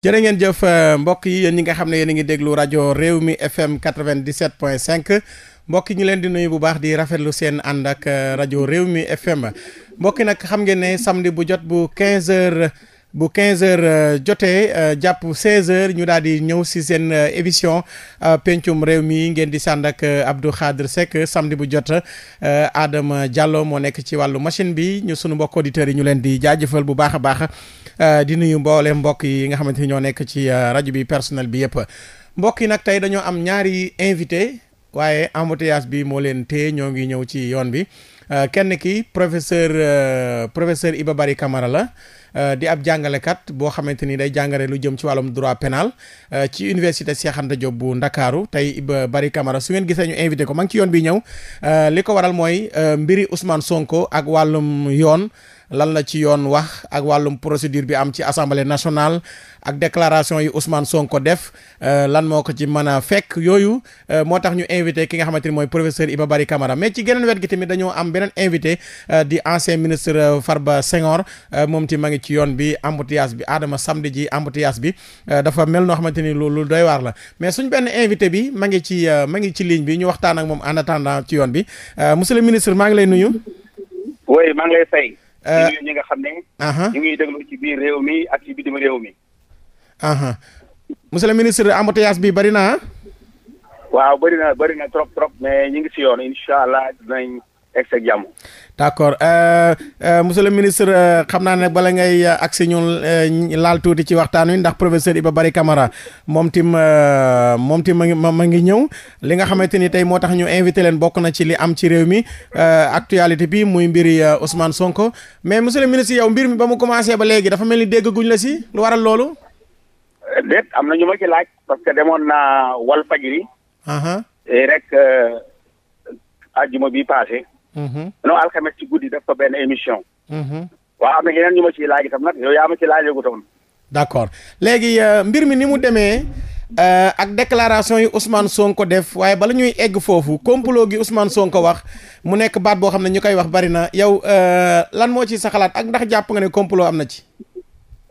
jërë ngeen jëf euh, mbokk yi yéen ñi nga xam ne yéen a ngi déglu rajo réew mi FM 97.5 mbokk yi ñu leen di nuyu bu baax di rafetlu seen ànd ak euh, rajo réew mi FM mbokki nag xam ngeen ne samedi bu jot bu 15 heures bu 15 heures euh, jotee euh, jàpp 16 heures ñu daal di ñëw si seen euh, émission pencum réew mi ngeen di sànd ak Abdou Khadre Seck samedi bu jot aadama jàlloo moo nekk ci wàllu machine bi ñu sunu mbokk auditeurs yi ñu leen di jaajëfal bu baax a baax di nuyu mboolem mbokk yi nga xamante ni ñoo nekk ci rajo bi personnel bi yëpp mbokk yi nag tey dañoo am ñaari invité waaye embouteillage bi moo leen téye ñoo ngi ñëw ci yoon bi. Euh, kenn ki professeur euh, professeur Iba Barry Camara la euh, di ab jàngalekat boo xamante ni day jàngale lu jëm ci wàllum droit pénal ci université Cheikh Anta Diop bu Ndakaaru tey Iba Barry Camara su ngeen gisee ñu invité ko ma ngi ci yoon bi ñëw li ko waral mooy mbiri Ousmane Sonko ak wàllum yoon. lan la ci yoon wax ak wàllum procédure bi am ci assemblée national ak déclaration yi Ousmane Sonko def euh, lan moo ko ci mën a fekk yooyu euh, moo tax ñu invité ki nga xamante ni mooy professeur ba Barry Camara mais ci geneen wet gi tamit dañoo am beneen invité euh, di ancien ministre ba Senghor moom ti ma ngi ci yoon bi embouteillage bi aadama samedi ji embouteillage bi dafa mel noo xamante ni lu doy waar la mais suñ benn invité bi ma ngi ci ma ngi ci ligne bi ñu waxtaan ak moom en ci yoon bi monsieur le ministre maa ngi lay nuyu. oui ñu euh, ñi nga xam ne. Uh-huh. ñu ngi déglu ci biir réew mi ak ci bitim réew mi. Uh-huh. monsieur le ministre embouteillage bi bari na ah? waaw bari na bari na trop trop mais ñu ngi si yoon incha allah dinañ. egg ak jàmm. d' accord euh, euh, monsieur le ministre euh, xam naa ne bala ngay euh, agsi ñun euh, laal tuuti ci waxtaan wi ndax professeur Iba bari Camara moom tim moom tim ma ngi ma ngi ñëw li nga xamante ni tey moo tax ñu invité leen bokk na ci li am ci réew mi actualité bi muy mbir mbiri Ousmane Sonko mais monsieur le ministre yow mbir mi ba mu commencé ba léegi dafa mel ni dégg guñ la si lu waral loolu. déet am na ñu ma ci laaj parce que demoon naa Walfadjri. rek ajjuma bi passé Mm-hmm. non alxames ci guddi def ko benn émission. Mm-hmm. waaw am na yeneen ñu ma ciy laaj itam nag yow yaa ma ci laaj yëgu tam. d'accord léegi euh, mbir mi ni mu demee euh, ak déclaration yi Ousmane Sonko def waaye bala ñuy egg foofu complot gi Ousmane ko wax mu nekk baat boo xam ne ñu koy wax bari na yow euh, lan moo ci sa xalaat ak ndax jàpp nga ne complot am na ci.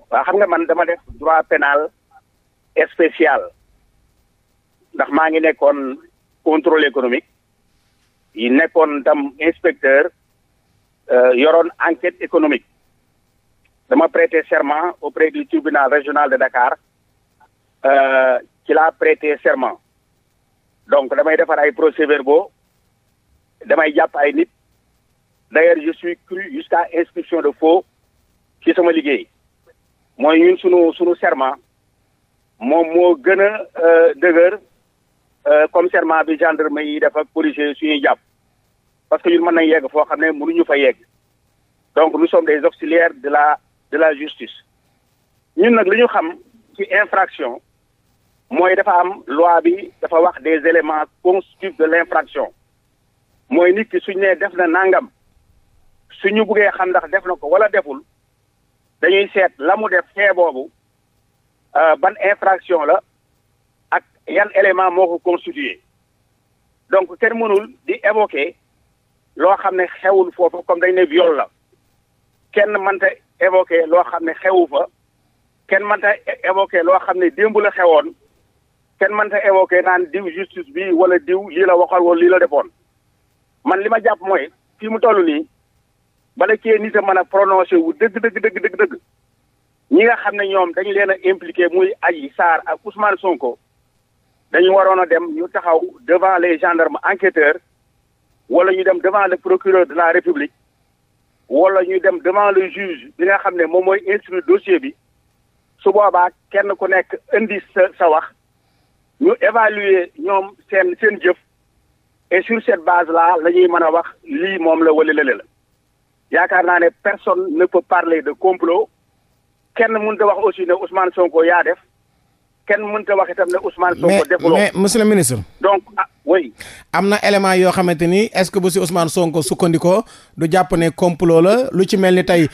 waaw xam nga man dama def droit pénal spécial ndax maa ngi nekkoon contrôle économique. i nekkoon tam inspecteur euh, yoroon enquête économique dama prêté serment auprès du tribunal régional de Dakar euh, ci laa prêté serment donc damay defar ay procès-verbaux damay jàpp ay nit d'ailleurs je suis cru jusqu'à inscription de faux ci sama liggéey mooy ñun sunu sunu serment moom moo gën a euh, dëgër Euh, commissariat bi gendarme yi dafa corrigé suñuy jàpp parce que ñun mën nañ yegg foo xam ne mënuñu fa yegg donc nous sommes des auxiliaires de la de la justice ñun nag li ñu xam ci infraction mooy dafa am loi bi dafa wax des éléments constitutifs de l'infraction mooy nit ki suñ nee def na nangam suñu buggee xam ndax def na ko wala deful dañuy seet la mu def fee boobu euh, ban infraction la yan élément moo ko constitué donc kenn mënul di évoquer loo xam ne xewul foofu comme dañ ne viol la kenn mënta évoquer loo xam ne xewu fa kenn mënta évoquer loo xam ne démb la xewoon kenn mënta évoquer naan diw justice bi wala diw lii la waxal wala lii la defoon man li ma jàpp mooy fii mu toll nii bala cee nit a mën a prononcé wu dëgg dëgg dëgg dëgg ñi nga xam ne ñoom dañ leen a impliqué muy Adji Sarr ak Ousmane Sonko dañu waroon a dem ñu taxaw devant les gendarmes enquêteurs wala ñu dem devant le procureur de la république wala ñu dem devant le juge bi nga xam ne moom mooy instruire dossier bi su boobaa kenn ku nekk indi sa sa wax ñu évaluer ñoom seen seen jëf et sur cette base là la ñuy mën a wax lii moom la wala lële la yaakaar naa ne personne ne peut parler de complot kenn mun a wax aussi ne Ousmane Sonko yaa def kenn mënta wax itam ne Ousmane Sonko defuloo mais monsieur le ministre. donc ah oui. am na élément yoo xamante ni est-ce que bu si Ousmane Sonko sukkandikoo du jàpp ne complot la lu ci mel ni tey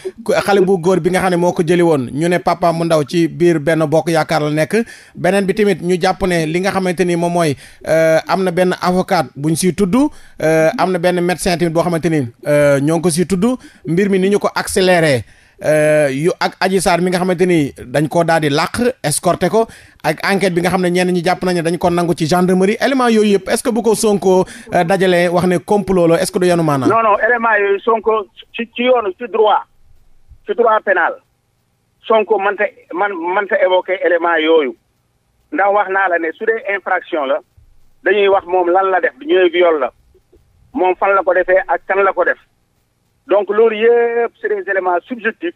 xale bu góor bi nga xam ne moo ko jëli woon ñu ne papa mu ndaw ci biir benn bokk yaakaar la nekk beneen bi tamit ñu jàpp ne li nga xamante ni moom mooy euh, am na benn avocat bu ñu siy tudd euh, am na benn médecin tamit boo xamante ni euh, ñoo ngi ko siy tudd mbir mi ni ñu ko accéléré. Euh, yu ak Adji Sarr mi nga xamante ni dañ koo daal di làq escorté ko ak enquête bi nga xam ne ñenn ñi jàpp nañ ne dañ ko nangu ci gendarmerie élément yooyu yëpp est ce que bu ko Sonko euh, dajalee wax ne complot la est ce que du yanu maanaam. non non élément yooyu Sonko ci ci yoonu ci droit ci droit pénal Sonko mënta man mënta évoqué élément yooyu ndax wax naa la ne su dee infraction la dañuy wax moom lan la def ñooy viol la moom fan la ko defee ak kan la ko def. donc loolu yëpp c'est des éléments subjectifs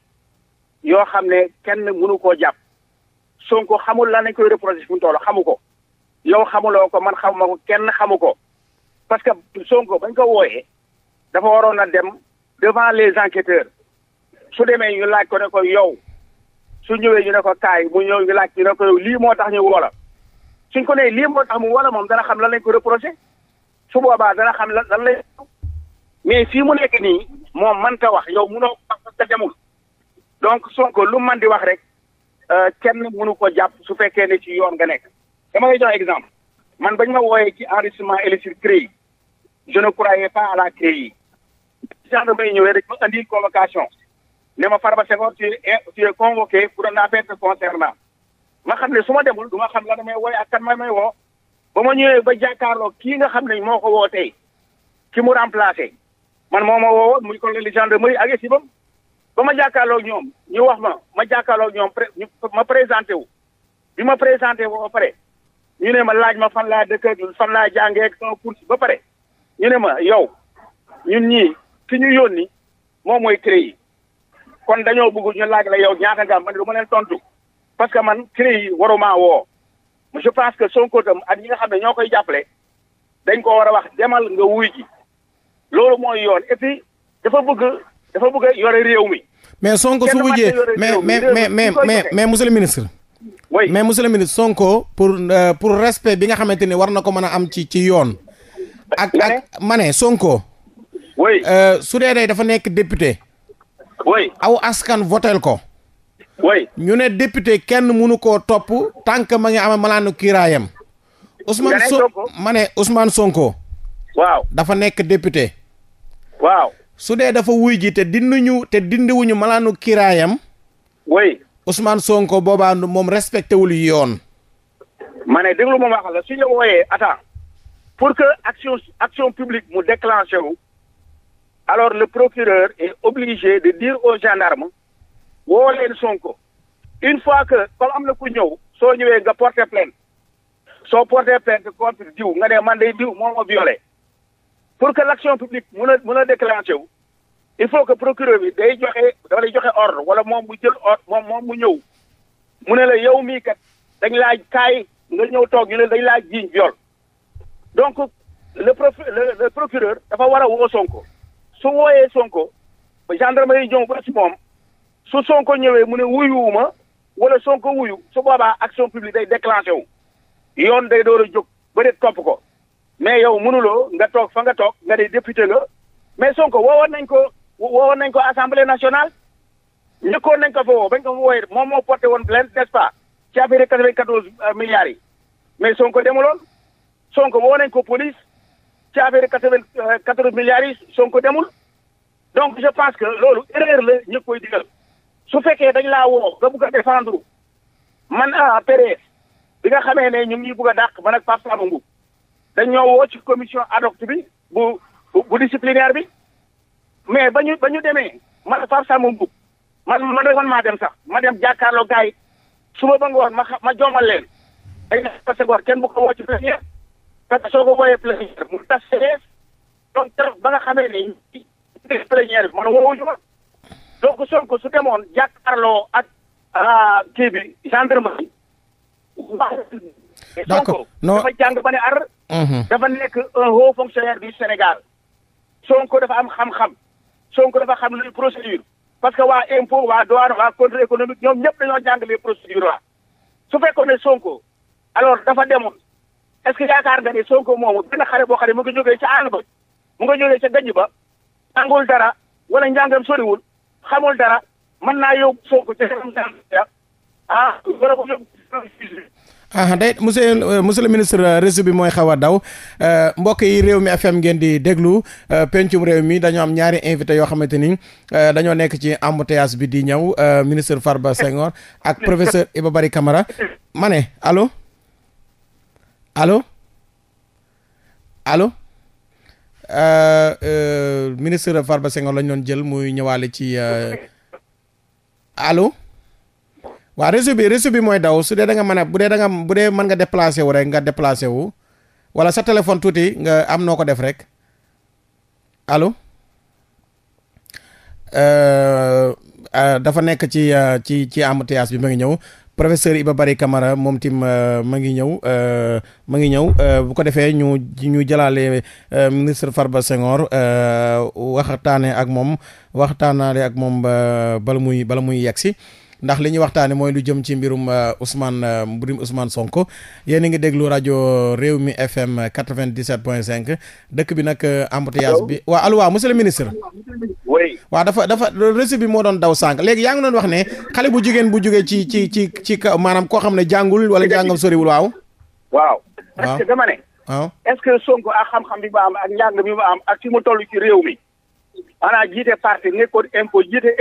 yoo xam ne kenn munu koo jàpp Sonko xamul lan lañ koy reproché fu mu toll xamu ko yow xamuloo ko man xamuma ko kenn xamu ko parce que soon ko bañ ko wooyee dafa waroon a dem devant les enquêteurs su demee ñu laaj ko ne koy yow su ñëwee ñu ne ko kaay mu ñëw ñu laaj ñu ne ko yow lii moo tax ñu woola suñ ko nee lii moo tax mu woola moom dana xam la ne ko reproché su boobaa dana xam la lan lay mais fii mu nekk nii moom man mënta wax yow munoo wax parce que demul donc Sonko lu man di wax rek euh, kenn mënu ko jàpp su fekkee ne ci yoon nga nekk sama lay jox exemple man bañ ma wooyee ci enrichissement illicite CREI yi ne croyais pas à la CREI gendarmerie ñëwee rek ma indi convocation ne ma Farba Senghor tu es convoqué pour une affaire te concernant ma xam ne su ma demul du ma xam la damay wooye ak kan may may woo ba ma ñëwee ba jàkkaarloo kii nga xam ne moo ko woo tey ki mu remplacé man moo ma woo mu colonel de gendarmerie ak équipe ba ma jàkkaarloog ñoom ñu wax ma ma jàkkaarloog ñoom ma présenté wu bi ma présenté wu ba pare ñu ne ma laaj ma fan laa dëkk ak fan laa jàngee ak sama ba pare ñu ne ma yow ñun ñii ki ñu yónni moom mooy CREI kon dañoo bëgg ñu laaj la yow ñaata nga man du ma leen tontu parce que man CREI waruma woo je pense que Sonko tam ak ñi nga xam ne ñoo koy jàppale dañ ko war a wax demal nga wuy ji loolu mooy yoon dafa bëgg dafa bëgg yore réew mi. mais Sonko su wujjee mais mais mais mais mais mais monsieur le ministre. oui mais monsieur le ministre Sonko pour euh, pour respect bi nga xamante ni war na ko mën a am ci ci yoon. ak ak mane ne Sonko. oui euh, su dee dafa nekk député. aw askan votel ko. oui ñu ne député kenn munu ko topp tànk ma ngi am malaanu kiiraayam. Ousmane Sonko mane ne Ousmane Sonko. waaw dafa nekk député. waaw su dee dafa wuy ji te dinduñu te dindiwuñu malaanu kiraayam oui Ousmane Sonko boobaa moom respecté wul yoon ma ne déglu ma wax la suñ la wooyee attends pour que action action publique mu déclenché wu alors le procureur est obligé de dire aux gendarmes woo leen Sonko une fois que am na ku ñëw soo ñëwee nga porté plainte soo porté plainte contre diw nga ne man day diw moom ma violé pour que l' action publique mun a mun a déclenché wu il faut que procureur bi day joxe dafa lay joxe ordre wala moom mu jël ordre moom moom mu ñëw mu ne la yow mii kat dañ laaj kaay nga ñëw toog ñu ne dañ laaj jiiñ viol donc le prof procureur dafa war a woo Sonko su wooyee Sonko ba gendarmerie ñëw ba si moom su Sonko ñëwee mu ne wuyuwuma wala Sonko wuyu su boobaa action publique day déclenché wu yoon day door a jóg ba de topp ko. mais yow mënuloo nga toog fa nga toog nga ne député nga mais Sonko woowoon nañ ko woowoon nañ ko assemblée nationale njëkkoon nañ ko fa woo bañ ko fa wooyee moom moo porté woon plainte n'est-ce pas ci affaire quatre-vingt-quatorze euh, milliards yi mais Sonko demuloon Sonko woo nañ ko police ci affaire quatre-vingt-quatorze milliards yi Sonko demul donc je pense que loolu erreur la ñu koy digal su fekkee dañ laa woo nga bugg a défendre man ah Pérez bi nga xamee ne ñu ngi bugg a dàq man ak Pape dañ ñoo woo ci commission ad hoc bi bu bu disciplinaire bi mais ba ñu ba ñu demee man Pape Samba Mboup man man man maa dem sax ma dem jàkkaarloo gars su ma ba ngoon ma ma joomal leen dañ ne kenn ba nga xamee ne ñu def plénière bi man woowuñu ma donc Sonko su demoon jàkkaarloo ak ah, kii bi gendarmerie. d'accord non dafa jàng ba ne ar. Mhm. dafa nekk un haut fonctionnaire du Sénégal Sonko dafa am xam-xam Sonko dafa xam luy procédure parce que waa impôt waa douane waa contrôle économique ñoom ñëpp dañoo jàng les procédures la su fekkoon ne Sonko alors dafa demoon est-ce yaakaar nga ne Sonko moomu benn xare boo xam ne mu ngi jógee ca àll ba mu ngi jógee ca gànj ba jàngul dara wala njàngam soriwul xamul dara mën naa yóbbu Sonko ca ah wala ko yóbbu ah day monsieur euh, monsieur le ministre euh, réseau bi mooy xaw a daw euh, mbokk yi réew mi FM ngeen di déglu pencum réew mi dañoo am ñaari invité yoo xamante ni dañoo nekk ci embouteillage bi di ñëw ministre Farba Senghor ak professeur Iba Barry kamara mane alo allo allo allo ministre Farba Senghor lañ doon jël muy ñëwaale ci allo. waaw réseau bi réseau bi mooy daw su dee da nga a bu dee da nga bu dee mën nga déplacé wu rek nga déplacé wu wala sa téléphone tuuti nga am noo ko def rek allo euh, euh, dafa nekk ci euh, ci ci embouteillage bi ma ngi ñëw professeur ba Bari Camara moom tim ma ngi ñëw ma ngi ñëw bu ko defee ñu ñu jëlaale ministre Farba Senghor waxtaane ak moom waxtaanaale ak moom bala muy bala muy yegsi ndax li ñuy waxtaane mooy lu jëm ci mbirum euh, Ousmane euh, mbirum Ousmane Sonko yéen a ngi déglu rajo réew mi FM 97.5 dëkk bi nag euh, embouteillage bi waaw allo waaw monsieur le waaw dafa dafa récit bi moo doon daw sànq léegi yaa ngi doon wax ne xale bu jigéen bu jógee ci ci ci ci maanaam koo xam ne jàngul wala jàngam soriwul waaw waaw parce dama ne waaw est-ce que ak xam-xam bi mu am ak njàng bi mu am ak fi mu toll ci réew mi maanaam jiite parti nekkoon impôt jiite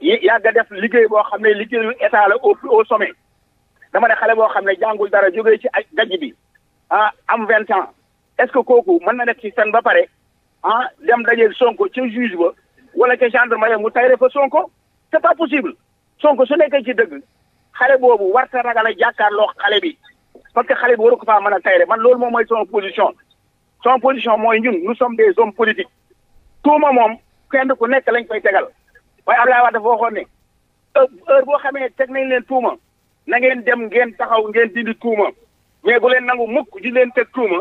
yàgg a def liggéey boo xam ne liggéeyu état la au au sommet dama ne xale boo xam ne jàngul dara jógee ci ay gajj bi ah am vingt ans est-ce que kooku mën na nekk ci seen ba pare ah dem dajeel Sonko ca juge ba wala ca gendarmerie mu tayre fa Sonko c'est pas possible Sonko su nekkee ci dëgg xale boobu warta ragal a jàkkaarloo xale bi parce que xale bi waru ko faa mën a tayre man loolu moom mooy son position son position mooy ñun nous sommes des hommes politiques tuuma moom kenn ku nekk lañ koy tegal waaye Abdoulaye Wade dafa waxoon ne heure boo xamee teg nañ leen tuuma na ngeen dem ngeen taxaw ngeen dindi tuuma mais bu leen nangu mukk di leen teg tuuma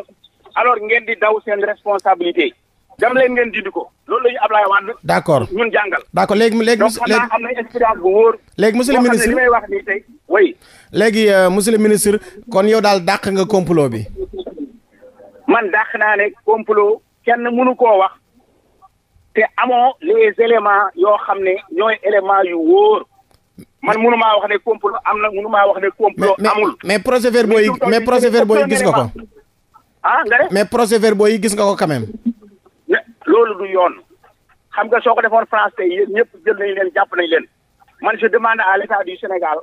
alors ngeen di daw seen responsabilité dem leen ngeen dindi ko loolu la ñu Abdoulaye Wade. d' accord ñun jàngal. d' accord léegi léegi donc xam naa am na expérience bu wóor. léegi monsieur le ministre may wax nii tey léegi euh, monsieur le ministre kon yow daal dàq nga complot bi. man dàq naa ne complot kenn mënu koo wax. te amoo les éléments yoo xam ne ñooy éléments yu wóor man mënu wax ne complot am na mënu maa wax ne complot amul. mais procès verbaux yi mais procès verbaux yi gis nga ko. ah nga ne mais procès verbaux yi gis nga ko quand loolu du yoon xam nga soo ko defoon France tey yéen ñëpp jël nañ leen jàpp nañ leen man je demande à l'état du Sénégal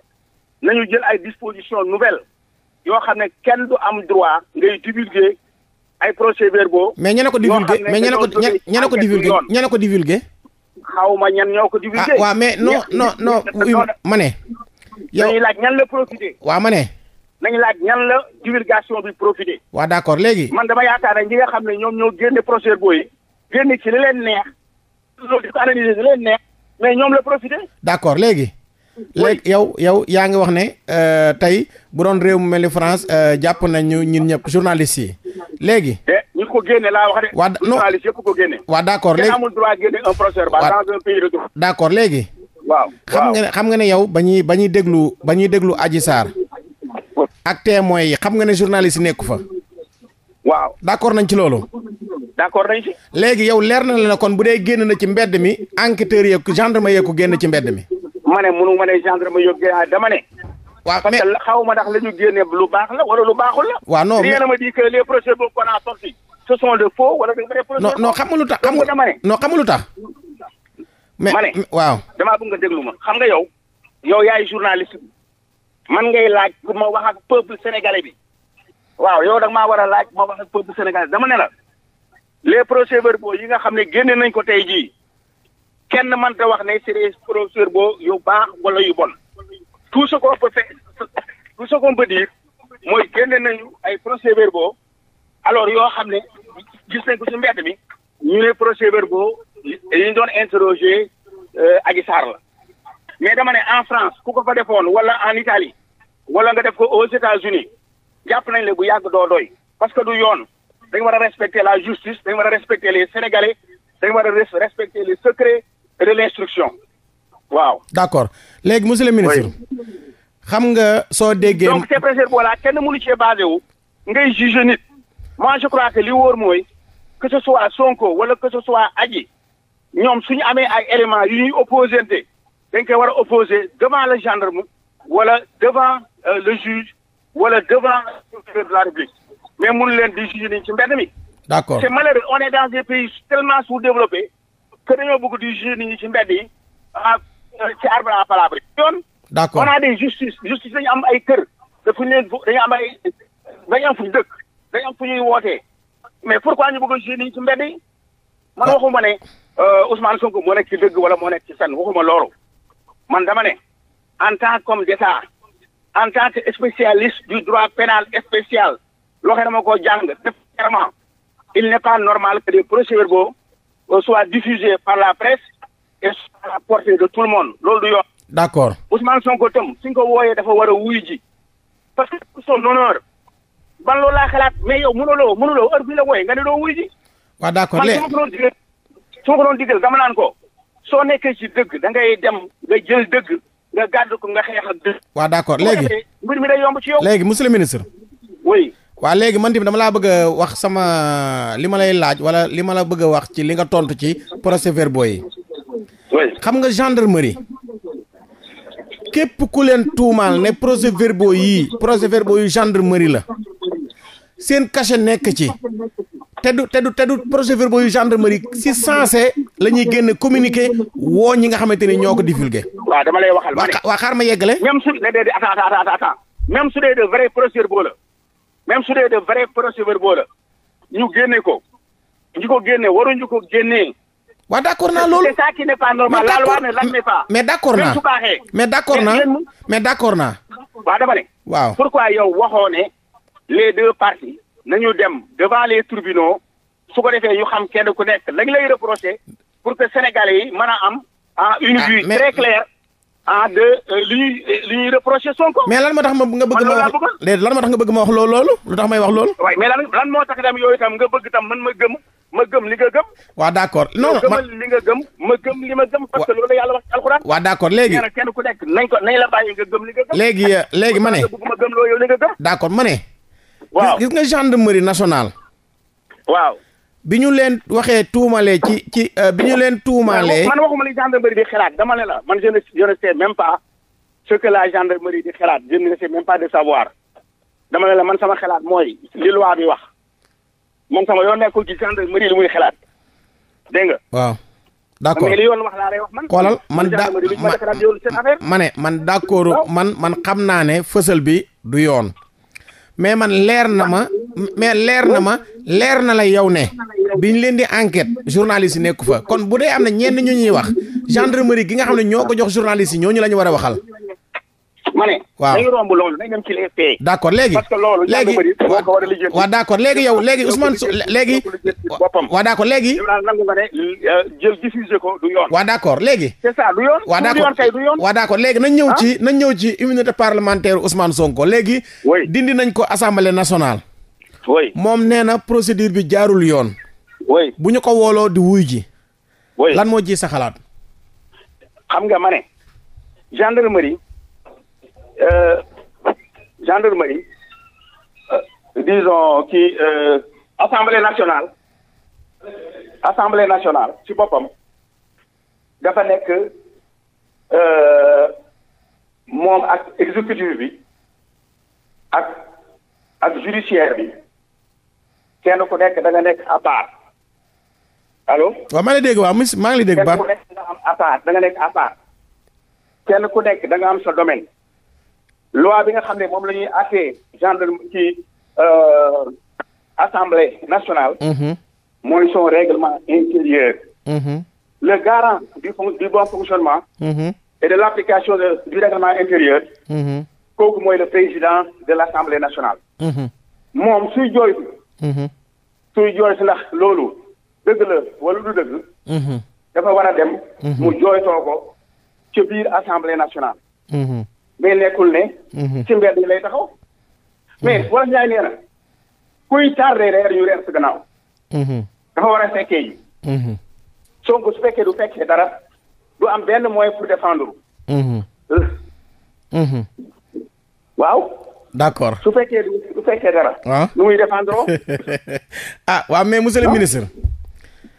nañu jël ay dispositions nouvelles yoo xam ne kenn du am droit ngay divulguer ay procès-verbaux. mais ñene ko divulgué mais ñene ko ñene ko divulgué ñene ko divulgué. xaw ma ñan ñoo ko divulgué. ah waaw mais non non non. ma ne. yaa ngi laaj ñan la profité. waaw ma ne. nañu laaj ñan la divulgation bi profité. waaw d'accord léegi. man dama yaakaar ne ñi nga xam ne ñoom ñoo génne procès-verbaux yi. génne ci li leen neex. loolu di ko analyser li leen neex. mais ñoom la profité. d'accord léegi. léegi yow yow yaa ngi wax ne euh, tey bu doon réew mu mel ni France euh, jàpp nañu ñun ñëpp journaliste yi léegi. Eh, ñu ko génne waa non waa d' accord léegi amul droit génne un procès d' accord léegi. waaw xam nga ne xam nga ne yow ba ñuy ba ñuy déglu ba ñuy déglu aji Sarr. ak témoins yi xam nga ne journaliste nekku fa. waaw d' accord nañ ci loolu. d' accord nañ léegi yow leer na la kon bu dee génn na ci mbedd mi enquêteurs yeeg gendarme yeeg ko génn ci mbedd mi. ma ne munu ma ne gendarme yóbbee dama ne. waa mais parce que xaw ma ndax la ñu génne lu baax la wala lu baaxul la. waa non rien ne me dit que les procès boobu qu'on a sorti ce sont de faux wala de vrais procès. non non xam nga lu tax xam lu tax. mais ma waaw. damaa bëgg nga déglu ma xam nga yow. yow yaay journaliste bi. man ngay laaj pour ma wax ak peuple sénégalais bi. waaw yow da nga maa war a laaj ma wax ak peuple sénégalais dama ne la. les procès verbaux yi nga xam ne génne nañ ko tey jii. kenn mënta wax ne c'est des professeurs boo yu baax wala yu bon tout ce qu'on peut faire tout ce qu'on peut dire nañu ay procès bo alors yoo xam ne gis nañ ko ci mbedd mi ñu ne procès-verbaux yi ñu doon interroger euh, Adji Sarr la mais dama ne en France ku ko fa defoon wala en itali wala nga def ko aux États-Unis jàpp nañ la bu yàgg doo doy parce que du yoon dañu war a respecter la justice dañ war a respecter les Sénégalais dañ war a respecter les secrets de l'instruction waaw. d'accord léegi monsieur le ministre. xam nga soo déggee. donc c'est précis voilà kenn mënu cee basé wu. ngay juger nit. moi je crois que li wóor mooy. que ce soit Sonko wala que ce soit Adji ñoom suñu amee ay éléments yu ñu opposanté dañ koy war a opposé devant le gendarme wala devant euh, le juge wala devant le de la République mais mënu leen di juger ni ci mbedd mi. d'accord c'est malheureux on est dans des pays tellement sous-développés. que dañoo bëgg di juger nit ñi ci mbedd yi ah, ci arbre à palabre yoon d'accord on a des justice justice dañu am ay kër dafuñu leen dañu am ay dañu am fu ñu dëkk dañu am fu ñuy wootee mais pourquoi ñu bëgg a juger nit ñi ci mbedd yi man ah. waxuma ne euh, Ousmane Sonko moo nekk ci dëgg wala moo nekk ci fenn waxuma loolu man dama ne en tant qu'homme d'État en tant que spécialiste du droit pénal spécial loo xam ne dama koo jàng def il n'est pas normal que des procès-verbaux Euh, soit diffusé par la presse et soit à la de tout le monde loolu du yoon. d' accord Ousmane Sonko tam suñ ko wooyee dafa war a wuyu ji parce que son honneur ban loo laa xalaat mais yow mënuloo mënuloo heure bi la wooyee nga ne doo wuyu ji. waaw d' accord léegi man su ma ko doon digal su ma ko doon digal dama naan ko soo nekkee ci dëgg da ngay dem nga jël dëgg nga gàddu ko nga xeex ak dëgg. accord léegi mbir mi day yomb ci yow. léegi monsieur le ministre. oui. waa léegi man tamit dama laa bëgg wax sama li ma lay laaj wala li ma la bëgg a wax ci li nga tontu ci procès-verbaux yi. xam nga gendarmerie. képp ku leen tuumaal ne procès-verbaux yi procès-verbaux yu gendarmerie la. seen cachet nekk ci. te du te du te du procès-verbaux yu gendarmerie si sensé la ñuy génn communiqué woo ñi nga xamante ni ñoo ko divulgué. waaw dama lay waxal. waa xaar ma yeggale. même su dee dee de vrai procès-verbaux la. même su dee de vrai procès-verbaux boola ñu génne ko ñu ko génne waruñu ko génnee. waaw d' accord naa loolu c'est ça qui n'est pas normal. la loi ne l'admet pas. mais d' accord naa mais d' accord naa mais d' accord waaw dama ne. waaw pourquoi yow waxoo ne les deux parties nañu dem devant les tribunaux su ko defee ñu xam kenn ku nekk lañ lay reproché pour que sénégalais yi mën a am. ah une vue très claire. ah de euh, li ñuy euh, li ñuy reproché Sonko. mais lan moo tax ma nga bëgg ma wax léegi lan moo tax nga bëgg ma wax loolu loolu lu tax may wax loolu. waaye mais lan lan moo tax tam yooyu tam nga bëgg tam man ma gëm ma gëm li nga gëm. waaw d' li nga gëm ma gëm li ma gëm. parce yàlla wax ci alxuraan. waaw d' léegi nee kenn ku nekk nañ ko nañ la bàyyi nga gëm li nga euh, léegi ma ne bëgg ma loo yow nga d' accord ma ne. waaw gis nga gendarmerie nationale. waaw. bi ñu leen waxee tuumalee ci ci euh, bi ñu leen tuumalee. man waxuma li gendarmerie di xalaat dama ne la man je ne je ne pas ce que la gendarmerie di xalaat je ne sais même pas de savoir dama ne la man sama xalaat mooy li loi bi wax man sama yoon nekkul ci gendarmerie li muy xalaat dégg nga. waaw d'accord mais li wax laa lay wax man. xoolal man da ma ma ne man d'accord man man xam naa ne fësal bi du yoon. mais man leer na ma mais leer na ma leer na la yow ne biñ leen di enquête journaliste yi nekku fa kon bu dee am na ñenn ñu ñuy wax gendarmerie gi nga xam ne ñoo ko jox journaliste yi ñooñu la ñu war a waxal. ma ne. waaw dañu romb loolu nañ dem ci les faits. d' accord léegi parce que loolu. léegi boo ko war a lijjanti. waaw d' accord léegi yow léegi Ousmane léegi. boppam waaw d' accord ko du yoon. waaw d' accord léegi. c' est ça du yoon. yoon. waaw d' léegi nañ ñëw ah? ci nañ ñëw ci immunité parlementaire Ousmane Sonko léegi. oui dindi nañ ko assemblée nationale. moom nee na procédure bi jaarul yoon. oui bu ñu ko wooloo di wuy ji. oui lan moo ji sa xalaat. xam nga ma ne Euh, gendarmerie euh, disons ci euh, assemblée nationale assemblée nationale ci boppam dafa nekk moom ak exécutif bi ak ak judiciaire bi kenn ku nekk danga nga nekk à part allo. waaw maa ngi lay dégg waaw maa ngi lay dégg baax. kenn ku am à part da nga nekk à part kenn ku nekk da nga am sa domaine. loi bi nga xam ne moom la ñuy àttee gendarme ci euh, assemblée nationale. Mm-hmm. mooy son règlement intérieur. Mm-hmm. le garant du fon du bon fonctionnement. Mm-hmm. et de l' application de du règlement intérieur. kooku mooy le président de l' assemblée nationale. moom suy jooytu. suy jooytu ndax loolu dëgg la wala du dëgg. dafa war a dem. mu jooytoo ko ci biir assemblée nationale. mais nekkul ne. Mhm. ci mbedd yi lay taxaw. mais wala mhm. ñaay nee na kuy mhm. war a fekkee ji. Sonko su fekkee du fekkee dara du am benn mooy pour défendre. waaw. d'accord su fekkee du fekkee dara. waaw ah. nu muy défendre ah waaw mais monsieur le ah. ministre.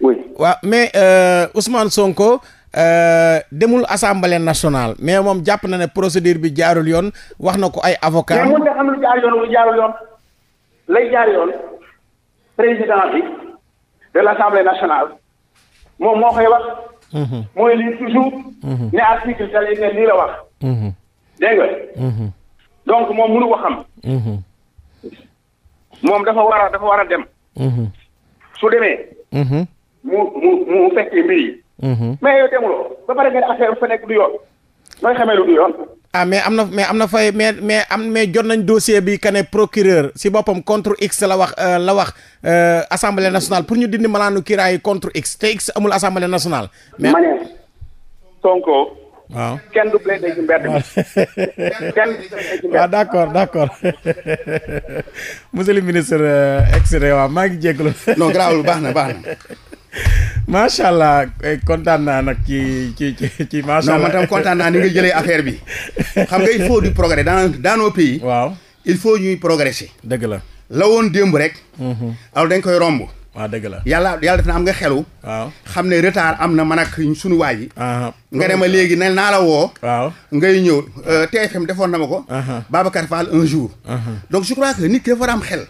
oui waaw mais euh, Ousmane Sonko. Euh, demul assemblée national mais moom jàpp na ne procédure bi jaarul yoon wax na ko ay avocat mais mun xam lu jaar yoon lu jaarul yoon lay jaar yoon président bi de l' assemblée moom moo koy wax. Mhm. Mhm. la wax. Mhm. moom mënu ko dafa war a war a dem. su demee. mu mu mu fekkee mbir Mm-hmm. mais yow demuloo ba pare ngeen affaire fa nekk du yoon nooy xamee lu du yoon. ah mais am na mais am na fay mais mais am mais jot nañ dossier bi que ne procureur si boppam contre X la wax euh, la wax euh, assemblée nationale pour ñu dindi malaanu kiraayu contre X te X amul assemblée nationale. mais ma ne Sonko. waaw kenn du blé d' accord d' accord maa ngi jégalu. non lu baax na baax na. macha allah eh, kontaan naa nag ci ci ci macha allah non man tam kontaan naa ni nga jëlee affaire bi xam nga il faut du progrès dans dans nos waaw il faut ñuy si dëgg la la woon démb rek. Mhm. alors dañ koy romb. waa dëgg la yàlla yàlla def na am nga xelu. waaw xam ne retard am na man ak suñu waa ji. nga dem léegi ne naa la woo. waaw ngay ñëw euh, TFM defoon na ma ko. Babacar Fall un jour. donc je crois que nit ki dafa am xel.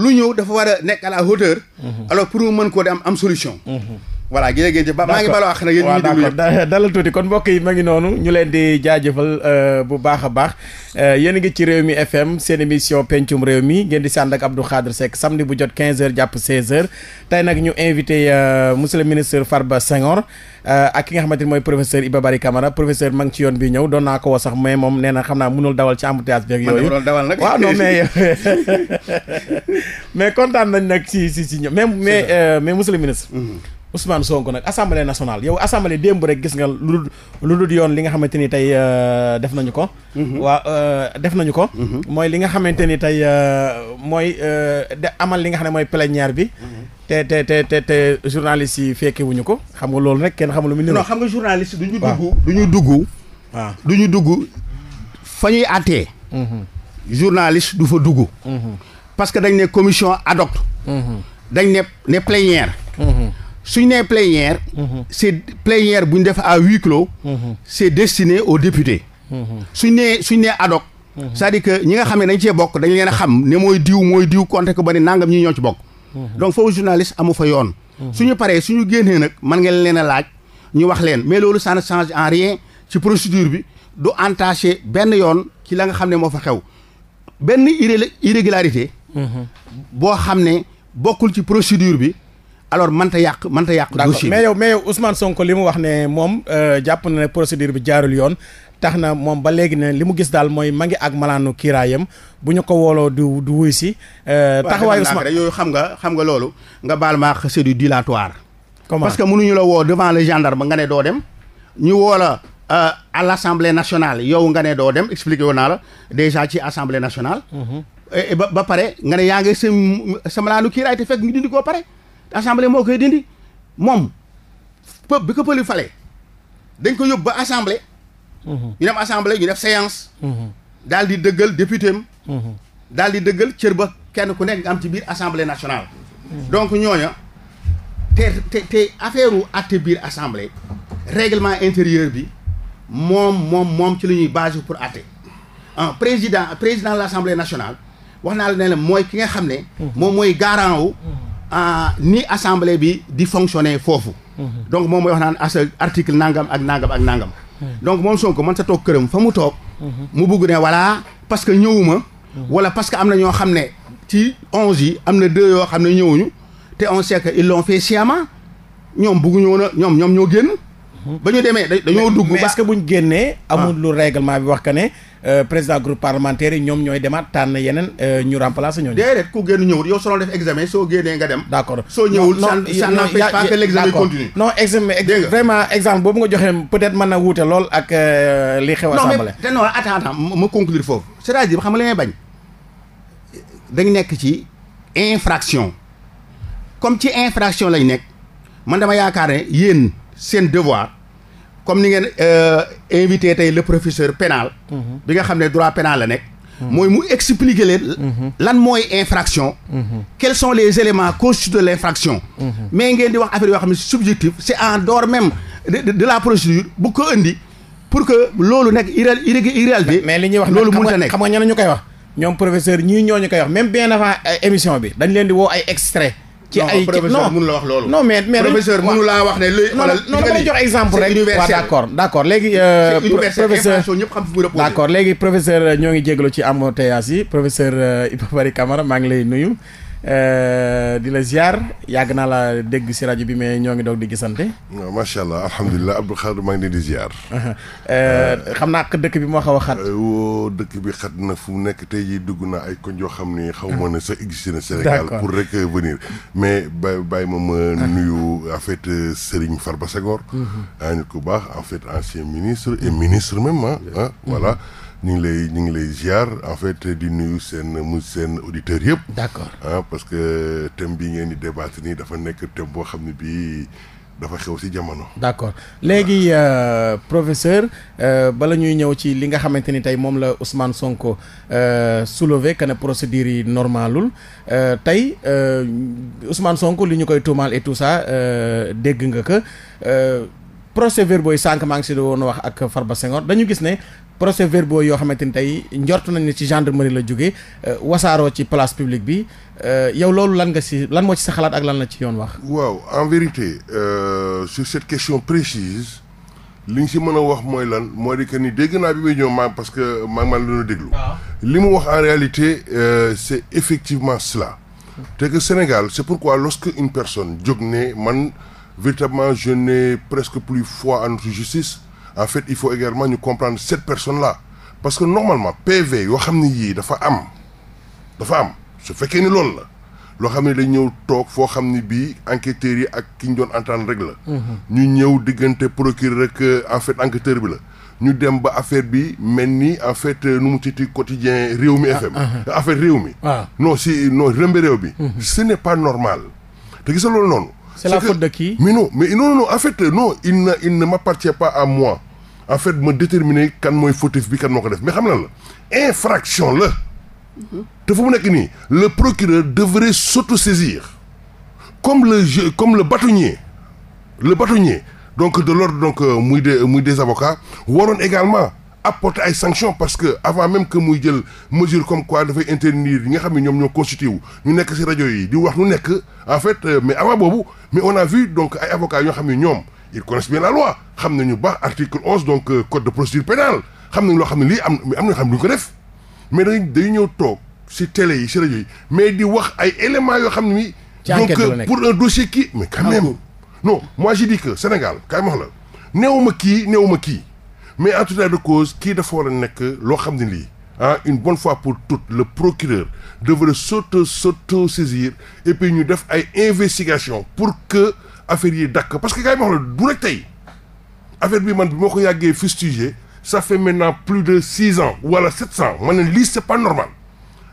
lu ñëw dafa war a nekk à la hauteur mm-hmm. alors pour mu mën koo di am solution mm-hmm. voilà géej géej ba maa ngi baloo wax nag yéen dalal tuuti kon mbokk yi ma ngi noonu ñu leen di jaajëfal euh, bu baax a baax euh, yéen a ngi ci réew mi FM seen émission pencum réew mi ngeen di sànd ak Abdou Khadre Seck samedi bu jot 15h jàpp 16h tey nag ñu invité euh, monsieur le ministre Farba Senghor ak ki nga xamante mooy professeur Iba Barry Camara professeur ma ngi ci yoon bi ñëw doon naa ko woo sax mais moom nee na xam naa mënul dawal ci embouteillage bi ak yooyu waaw non mais mais kontaan nañ nag si si si ñoom mais mais monsieur le ministre mm-hmm. Ousmane Sonko nag assemblée nationale yow assemblée démb rek gis nga lu lu dul yoon li nga xamante ni tey euh, def nañu ko. Mhm. waa euh, def nañu ko. Mhm. mooy li nga xamante ni tey euh, mooy de amal li nga xam ne mooy plénière bi. Mhm. te te te te te journaliste yi fekke ko xam nga loolu rek kenn xamul lu mu. non xam nga journaliste du ñu dugg du ñu dugg. du ñu dugg fa ñuy àttee. journaliste du fa dugg. parce que dañ ne commission ad hoc. dañ ne ne plénière. suñ nee plénière. Mhm. c'est plénière bu ñu def à huis clos. Mhm. c'est destiné aux députés. Mhm. suñ nee suñ nee ad hoc. que ñi nga xam ne dañ cee bokk dañu leen a xam ne mooy diw mooy diw compter ko ba ne nangam ñi ñoo ci bokk. donc foofu journaliste amu fa yoon. suñu paree suñu génnee nag mën ngeen leen a laaj ñu wax leen mais loolu ça ne en rien ci procédure bi doo entaché benn yoon ci la nga xam ne moo fa xew benn irrégularité. boo xam ne bokkul ci procédure bi. alors mënta yàq mënta yàq. dossier mais yow mais yow Ousmane Sonko li mu wax ne moom euh, jàpp na ne procédure bi jaarul yoon tax na moom ba léegi ne li mu gis daal mooy ma ak malaanu kiiraayam bu ñu ko wooloo du du wuy si. Euh, taxawaayu Ousmane yooyu xam nga xam nga loolu. nga baal ma c'est du dilatoire. comment parce que mënuñu la woo devant le gendarme nga ne doo dem. ñu woo la euh, à l'Assemblée nationale yow nga ne doo dem expliqué woon naa la déjà ci Assemblée nationale. Mhm. ba ba nga ne yaa ngi sa sa malaanu kiiraay te fekk ñu dindi koo pare. assemblée moo koy dindi moom peuple bi ko pëli fale dañ ko yóbbu ba assemblée. Mhm. ñu dem assemblée ñu def séance. Mhm. daal di dëggal député am. Mhm. daal di dëggal cër ba kenn ku nekk nga am ci biir assemblée nationale. donc ñooña te te te affaire u àtte biir assemblée règlement intérieur bi moom moom moom ci la ñuy base pour àtte un ah, président président de l' assemblée wax naa la ne la mooy ki nga xam ne. moom mooy garant Euh, nii assemblée bi di fonctionner foofu. Mhm. donc moom mooy wax naan as article nangam ak nangam ak nangam. Mhm. donc moom Sonko mën sa toog këram fa mu toog. Mhm. mu bugg ne voilà parce que ñëwuma. wala parce que am na ñoo xam ne ci onze yi am na deux yoo xam ne ñëwuñu te on sait que ils l'ont ñoom bugguñu woon a ñoom ñoom ñoo génn. ba ñu demee dañoo dugg. mais est bu ñu génnee. Ah. amul lu règlement bi wax que ne euh, président groupe parlementaire yi ñoom ñooy demaat tànn yeneen euh, ñu remplacer ñooñu. déedéet ku génn ñëwul yow soo def examen soo génnee nga dem. d'accord soo ñëwul. non ça n'empêche pas que l'examen continue. non examen vraiment exemple boobu nga joxe peut-être mën na wuute lool ak euh, li xew assemblée. non mais non attends attends ma conclure foofu. c'est-à-dire xam nga li bañ dañ nekk ci infraction comme ci infraction lañu nekk man dama yaakaar ne yéen seen devoir comme ni ngeen euh, invité tey le professeur pénal mhm. bi nga xam ne droit pénal la nekk mhm. mooy mu expliquer leen mhm. lan mooy infraction quels sont les éléments constitutifs de l'infraction mais ngeen di wax affaire yoo xam ne subjectif c'est en dehors même de la procédure bu ko indi pour que loolu nekk irrégulier mais li ñuy wax loolu mënut a nekk xam nga ñeneen ñu koy wax ñoom professeur ñii ñu koy wax même bien avant euh, émission bi dañ leen di woo ay extrait ci ay professeur mënu la wax loolu non mais mais professeur mënu laa wax ne léegi non damay jox exemple rek waaw d'accord d'accord léegi euh, professeur d'accord léegi professeur euh, ñoo ngi jégalu ci embouteillage yi professeur euh, Iba Barry maa ngi lay nuyu Eh, di la ziar yàgg naa la dégg si rajo bi mais ñoo ngi doog di gisante. waaw macha allah alhamdulilah Abdou Khadre maa ngi leen di ziar. Uh-huh. Eh, xam naa dëkk bi moo xaw a xat. Eh, woo dëkk bi xat na fu mu nekk tey jii dugg na ay koñ yoo xam ni xaw ma uh-huh. ne sa existé na Sénégal pour rek venir mais bàyyi bàyyi ma ma uh-huh. nuyu en fait euh, Serigne Farba Senghor. Ah, nit ku baax en fait ministre et ministre même ah. ñu ngi lay ñu ngi lay ziar en fait di nuyu seen mu seen auditeurs yëpp. d'accord ah parce que thème bi ngeen di débattre nii dafa nekk thème boo xam ne bii. dafa xew ci jamono. d'accord léegi euh, professeur euh, bala ñuy ñëw ci li nga xamante ni tey moom la Ousmane Sonko euh, soulevé que ne procédures yi normalul tey usman Sonko li ñu koy tuumaal et tout ça dégg nga ko procès verbaux yi sànq maa ngi ci doon wax ak Farba Senghor dañu gis ne procès verbaux yoo xamante ni tey njort nañ ci genre gendarmerie la jóge euh, wasaaroo ci place publique bi euh, yow loolu lan nga si lan moo ci sa xalaat ak lan la ci yoon wax. waaw en vérité euh, sur cette question précise li ñu si mën a wax mooy lan moo di que ni dégg naa bi muy ñëw maam parce que maam man la ñu déglu. Ah. li mu wax en réalité euh, c' est effectivement cela. te que Sénégal c' pourquoi lorsque une personne jóg ne man véritablement jeune n'ai presque plus foi en notre en fait il faut également ñu comprendre cette personne là parce que normalement PV yoo xam ne yii dafa am dafa am su fekkee ni loolu la loo xam ne dañ ñëw toog foo xam ne bii enquêteurs yi ak kiñ doon entendre rek la. Mhm. ñu ñëw diggante procureur rek euh, en fait enquêteur bi la. ñu dem ba affaire bi mel ni en fait euh, nu mu titi quotidien réew mi FM. Ah, ah, ah. affaire réew mi. waaw non si noo rëmbe réew bi. Mhm. ce n'est pas normal. te gis loolu noonu. c'est la faute de qui mais non mais non non en fait non il en fait ma déterminer kan mooy fautif bi kan moo ko def mais xam lan la infraction la te fu mu nekk nii le procureur devrait s'autosaisir comme le jeu, comme le bâtonnier le bâtonnier donc de l'ordre donc euh, muy de muy des avocats waroon également apporter ay sanctions parce que avant même que muy jël mesure comme quoi dafay intervenir yi nga xam ne ñoom ñoo constitué wu ñu nekk ci rajo yi di wax nu nekk en fait euh, mais avant boobu mais on a vu donc ay avocats yoo xam ne ñoom ils connaissent bien la loi xam nañu baax article onze donc euh, code de procédure pénale xam nañ loo xam ne lii am am na ñoo xam ne du ñu ko def mais dañu ñëw toog si tele yi si rajo yi mais di wax ay éléments yoo xam ne nii. donc pour un dossier kii mais quand ah, même. non moi je dis que Sénégal kaay ma wax la néewuma kii néewuma kii mais en tout état de cause kii dafa war a nekk loo xam ne lii. ah une bonne fois pour toutes le procureur devrait s'auto s'auto saisir et puis ñu def ay investigation pour que affaire yi dakk parce que gars yi ma wax la du rek tey affaire bi man bi moo ko yàggee fustigé ça fait maintenant plus de six ans wala sept ans man ne lii c'est pas normal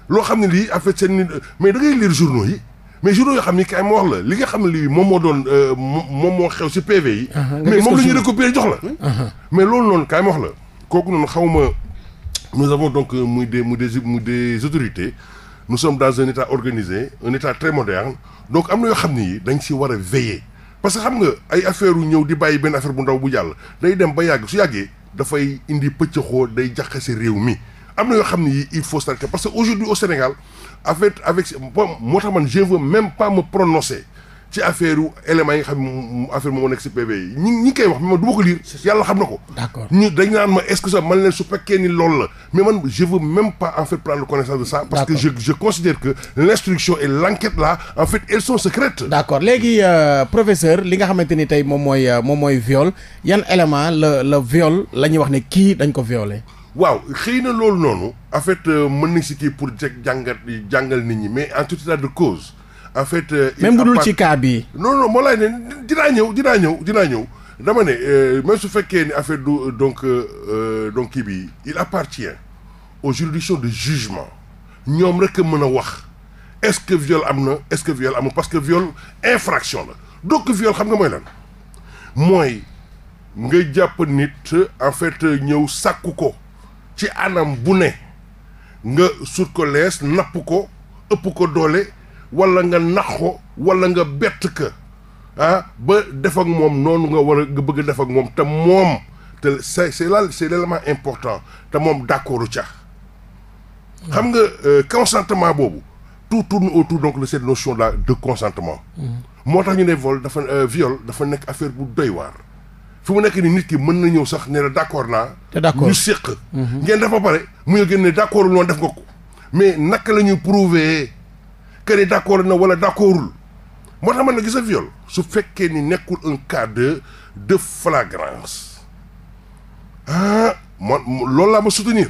loo xam ne lii affaire seen mais da ngay lire yi mais journaux yoo xam ni kay ma wax la li nga xam lii moom moo doon euh, moom moo xew PV yi. Ah, ah, mais moom la ñuy récupérer jox la. Ah, mais loolu noonu kay ma wax la kooku noonu xaw ma nous avons donc euh, muy des mu des mu des autorité nous sommes dans un état organisé un état très moderne donc am na yoo xam ne yi dañ si war a veiller. parce que xam nga ay affaire yu ñëw di bàyyi benn affaire bu ndaw bu jàll day dem ba yàgg su yàggee dafay indi pëccëxoo day jaxase réew mi am na yoo xam ne il faut s'arrêter parce que aujourd'hui au Sénégal avec avec moo tax man je même pas me prononcer ci affaire éléments yi nga xam ne affaire moo nekk si PV yi ñi ñi koy wax mais man du ma ko lire yàlla xam na ko ñu dañ naan ma est-ce que ça man leen su fekkee ni loolu la mais man je veux même pas en fait prendre connaissance de ça parce que je je considère que l'instruction et l'enquête là en fait elles sont secrètes d'accord léegi euh, professeur li nga xamante ni tey moom mooy euh, moom mooy viol yan élément la la viol la ñuy wax ne kii dañ ko violé waaw xëy na loolu noonu en fait euh, mën nañ si kii pour jeg jàngat jàngal nit ñi mais en tout état de cause en fait. Euh, même bu dul ci cas bii. non non moo lay ne dinaa ñëw dinaa ñëw dinaa ñëw dama ne euh, même su fekkee ni affaire du euh, donc donc kii bi il appartient au juridictions de jugement ñoom rek mën a wax est viol am na est-ce que viol amul parce que viol infraction la donc viol xam ne mooy lan mooy nga jàpp nit en fait ñëw sàkku ko ci anam bu ne nga sut ko lees napp ko ëpp ko doole. wala nga nax ko wala nga bett ka ah ba def moom noonu nga war a nga bëgg def moom te moom te c'est c'est là c'est l'élément important te moom d'accordu ca xam nga euh, consentement boobu tout tourne autour donc de cette notion là de consentement mm-hmm. moo tax ñu ne vol dafa euh, viol dafa nekk affaire bu doy waar fi mu nekk ni nit ki mën na ñëw sax ne la d'accord naa te d'accord ñu séq mm-hmm. ngeen dafa pare mu ngi gën ne d'accord loon def nga ko mais naka la ñuy këri d'accord na wala d'accordul moo tax man na gis a viol su fekkee ni nekkul un cas de de flagrance ah man loolu laa ma soutenir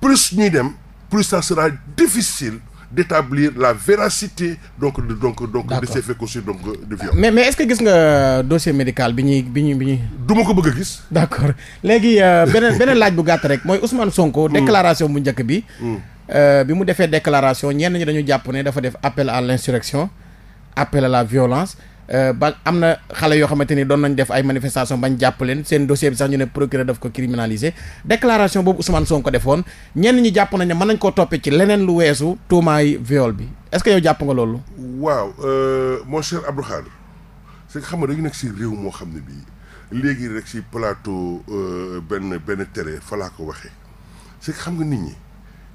plus ñuy dem plus ça sera difficile d'établir la véracité donc de, donc donc de ces faits constitutifs donc de viol. mais mais est-ce gis nga euh, dossier médical bi ñuy bi ñuy bi ñuy. du ma ko bëgg a gis. d'accord léegi euh, beneen beneen laaj bu gàtt rek mooy Ousmane Sonko. Hmm. déclaration bu njëkk bi. Hmm. Euh, bi mu defee déclaration ñenn ñi dañu jàpp ne dafa def appel à l'insurrection appel à la violence euh, ba am na xale yoo xamante ni doon nañ def ay manifestation bañ jàpp leen seen dossier bi sax ñu ne procureur daf ko criminaliser déclaration boobu Ousmane ko defoon ñenn ñi jàpp nañ man mën nañ koo toppee ci leneen lu weesu tuumaay viole bi est-ce que yow jàpp nga loolu. waaw euh, mon cher Abdou Khadre c'est xam nga dañu nekk si réew moo xam ne bii léegi rek si plateau benn benn télé fa laa ko xam nga nit ñi.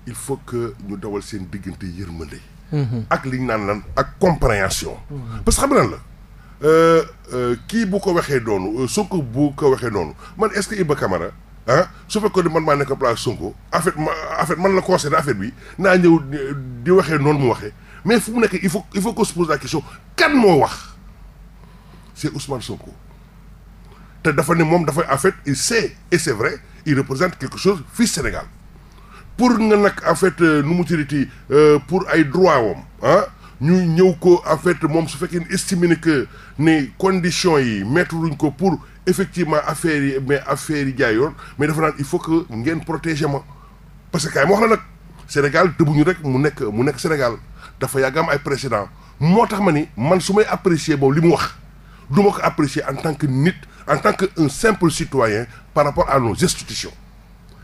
il faut que ñu dawal seen diggante yërmande. Mhm. ak li ñu naan lan ak compréhension. parce que xam nan la euh, euh, kii bu ko waxee doonu euh, Sonko bu ko waxee noonu man est-ce que Iba Camara ah su fekkoon ne man maa nekk place sunko en fait ma en fait man la concerné affaire bi naa ñëw di waxee noonu mu waxee mais fu mu nekk il faut il faut qu'on se pose la question kan moo wax c'est Ousmane Sonko te dafa ne moom dafa en fait il sait et c'est vrai il représente quelque chose fii Sénégal. pour nga nag en fait euh, nu mu tiriti euh, pour ay droit wam ah ñu ñëw ko en fait moom su fekkee ne estimé ne que ne conditions yi mettre luñ ko pour effectivement affaire yi mais affaire yi jaay mais dafa naan il faut que ngeen protéger ma parce que kaay ma wax na nag Sénégal dëbuñu rek mu nekk mu nekk Sénégal dafa yàgg am ay précédent moo tax ma ni man su may apprécier boobu li mu wax du ma ko apprécier en tant que nit en tant que un simple citoyen par rapport à nos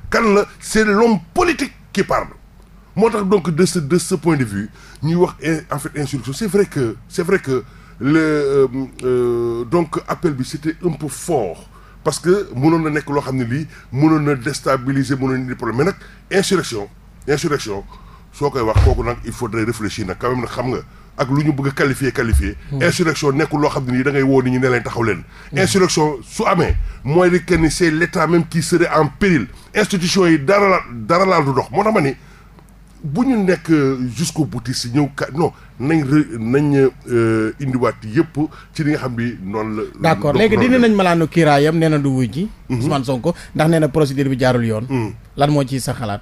kan la c'est l'homme politique qui parle moo tax donc de ce de ce point de vue ñuy wax en fait insurrection c'est vrai que c'est vrai que le euh, euh, donc appel bi c'était un peu fort parce que mënoon na nekk loo xam ne lii mënoon na déstabiliser mënoon indi problème mais nag insurrection insurrection soo koy wax kooku nag il faudrait réfléchir nag quand même xam nga ak lu ñu bëgg a qualifier qualifier hmm. insurrection nekkul loo xam ne nii da ngay woo nit ñi ne leen taxaw leen hmm. insurrection su amee mooy di kenn c'est l'état même qui serait en péril institution yi dara la dara laal du dox moo tax ma ni bu ñu nekk jusqu'au boutiste ñëw ka non nañ re nañ euh, indiwaat yëpp ci li nga xam bi noonu la. d'accord léegi dindi nañ malaanu kiiraayam nee na du wuy ji. Hmm. Ousmane Sonko ndax nee na procédure bi jaarul yoon. lan moo ci sa xalaat.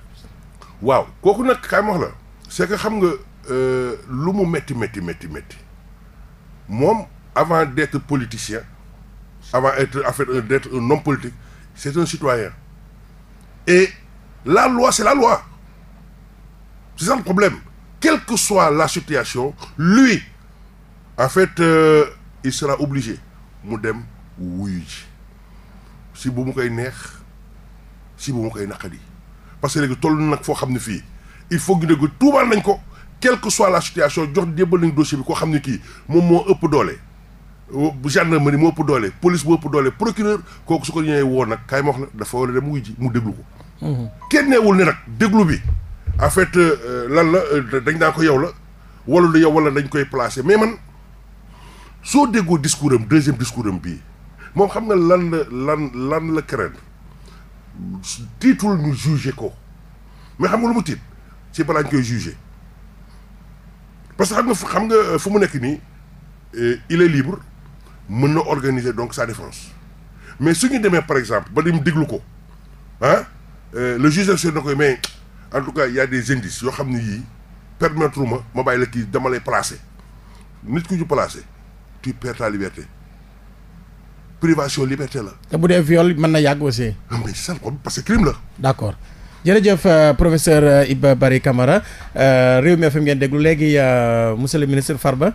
waaw kooku nag nga Euh, lu mu métti métti métti métti moom avant d'être politicien avant être en fait d'être un homme politique c'est un citoyen et la loi c'est la loi c'est ça le problème quelle que soit la situation lui en fait euh, il sera obligé mu dem wuyu ji si bu mu koy neex si bu mu koy naqadi parce que léegi toll nag foo xam ne fii il faut que ne tuubaal nañ ko quelle que soit la situation jox jébbal nañ dossier bi koo xam ne kii moom moo ëpp doole ma ni moo ëpp doole police moo ëpp doole procureur kooku su ko ñëwee woo nag kaay ma wax la dafa war dem wuy ji mu déglu ko mhm. kenn neewul ne nag déglu bi en fait euh, lan la euh, dañ daan ko yow la wala lu yow wala dañ koy placer mais man soo déggoo discours am deuxième discours am bii moom xam nga lan la lan lan la craindre tiitul ñu jugé ko mais xam nga lu mu tiit ci balaa ñu parce que xam nga xam nga euh, fu mu nekk nii euh, il est libre mën na organiser donc sa défense mais su ñu demee par exemple ba mu déglu ko ah le juge d'instruction na koy mais en tout cas il y a des indices yoo xam ne yii permettre ma ma bàyyi la kii dama lay placer nit ku ñu placer tu perds ta liberté privation liberté la. te bu dee viol mën na yàgg aussi. Ah, mais c'est ça parce que crime la. d'accord. jërëjëf euh, professeur euh, Iba Barry Camara euh, Rewmi FM ngeen déglu léegi monsieur le ministre Farba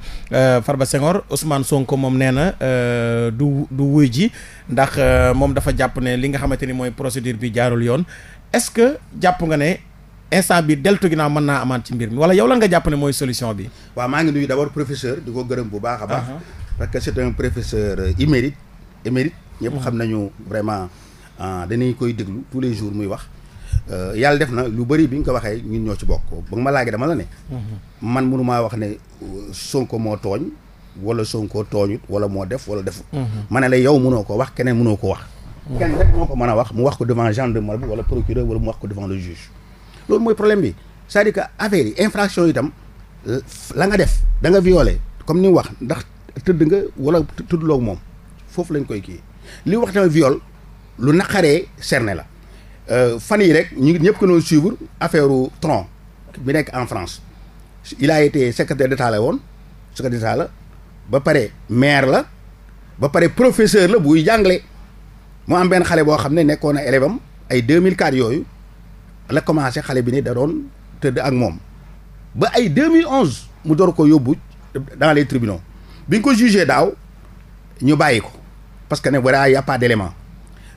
Farba Senghor Ousmane Sonko moom nee na du du wuy ji ndax moom dafa jàpp ne li nga xamante ni mooy procédure bi jaarul yoon est-ce que jàpp nga ne instant bi gi ginnaaw mën naa amaat ci mbir mi wala yow lan nga jàpp ne mooy solution bi. waa maa ngi nuyu d'abord professeur di ko gërëm bu baax a baax. Uh-huh. parce que c'est un professeur émérite émérite. ñëpp uh-huh. xam nañu vraiment dañuy koy déglu les jours muy wax. Euh, yàlla def na lu bari bi nga ko waxee ñun ñoo ci bokk ba nga ma laajee dama la ne. Mhm. man mënu maa wax ne euh, Sonko moo tooñ. wala Sonko tooñut wala moo def wala defut. Mhm. ma ne la yow mënoo ko wax keneen mënoo ko wax. Mhm. kenn rek moo ko mën a wax mu wax ko devant gendarme bi wala procureur wala mu wax ko devant le juge. loolu mooy problème bi c'est-à-dire que affaire yi infraction itam euh, la nga def danga nga violé comme ni wax ndax tëdd nga wala tëddloo moom foofu lañ koy kii li wax tamit viol lu naqaree cerné la. Euh, fan yi rek ñu ngi ñëpp ko doon suivre affaire Tron bi nekk en France il a été secrétaire d'état la woon secrétaire d'état la ba pare maire la ba pare professeur la buy jàngale mu am benn xale boo xam ne nekkoon na élève am ay 2004 yooyu la commencé xale bi ni da doon tëdd ak moom ba ay 2011 mu door ko yóbbu dans les tribunaux bi ñu ko jugé daaw ñu bàyyi ko parce que ne voilà y a pas d'élément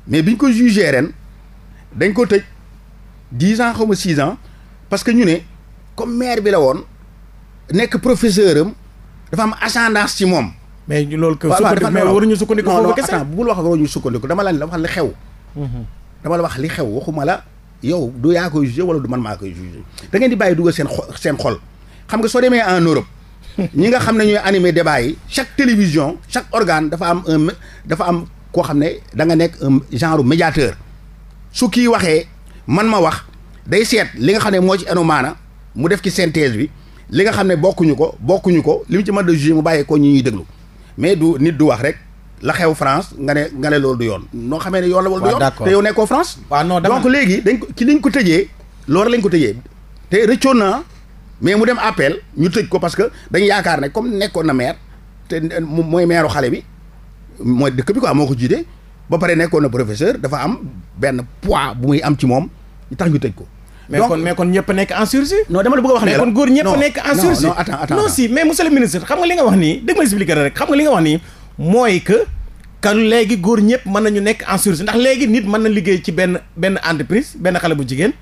mais bi ñu ko jugé ren. dañ ko tëj dix ans xaw ma six ans parce que ñu ne comme maire bi la woon nekk professeur am dafa am ascendance ci moom. mais loolu que sukkandiku mais waruñu sukkandiku foofu kese non non bul wax waruñu sukkandiku dama la la wax li xew. Mhm. dama la wax li xew waxuma la yow du yaa koy jugé wala du man maa koy jugé da ngeen di bàyyi dugal seen xol seen xol xam nga soo demee en Europe. ñi nga xam ne ñooy animé débat yi chaque télévision chaque organe dafa am un dafa am koo xam ne da nga nekk un genre médiateur. su kii waxee man ma wax day seet li nga xam ne moo ci enu maana mu def ci synthèse bi li nga xam ne bokkuñu ko bokkuñu ko li mu ci mën de juger mu bàyyi ko ñu ñuy déglu mais du nit du wax rek la xew France nga ne nga ne loolu du yoon noo xamee ne yoon la wala du yoon te yow nekkoo France waaw non donc léegi dañ ko ci liñ ko tëjee loolu lañ ko tëjee te rëccoon naa mais mu dem appel ñu tëj ko parce que dañ yaakaar ne comme nekkoon na maire te mooy maireu xale bi mooy dëkk bi quoi moo ko jiite ba pare nekkoon na professeur dafa am benn poids bu muy am ci moom tax ñu tëj ko. mais kon mais kon ñëpp nekk en sursis. noo dama la bëgg a wax ne la góor ñëpp nekk en sursis. non non attends attends non si mais monsieur le ministre xam nga li nii dégg ma expliquer rek xam nga li nga wax nii mooy que. kan léegi góor ñëpp mën nañu nekk en sursis ndax léegi nit mën na liggéey ci benn benn entreprise benn xale bu jigéen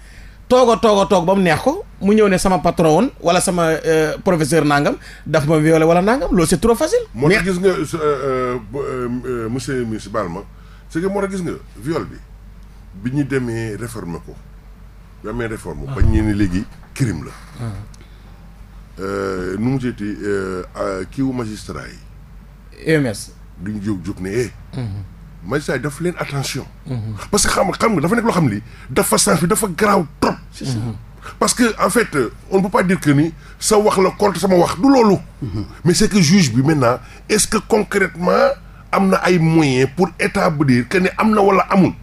toog a toog toog ba mu neex ko mu ñëw ne sama patron woon wala sama euh, professeur nangam daf ma violé wala nangam loolu c'est trop facile. moo tax gis nga euh, euh, monsieur le ministre Balma. ce que moo tax gis nga viol bi bi ñu demee réformer ko bi amee réforme bañ ñu ne léegi crime la euh, nu mu seeti euh, kiiwu magistrat yi EMS duñ jóg jóg ne eh mhm. magistrat yi daf leen attention mhm. parce que xam xam nga dafa nekk loo xam ni dafa sens bi dafa garaaw trop mhm. parce que en fait on ne peut pas dire que ni sa wax la contre sama wax du loolu mais c'est que juge bi maintenant est-ce que concrètement am na ay moyens pour établir que ne am na wala amul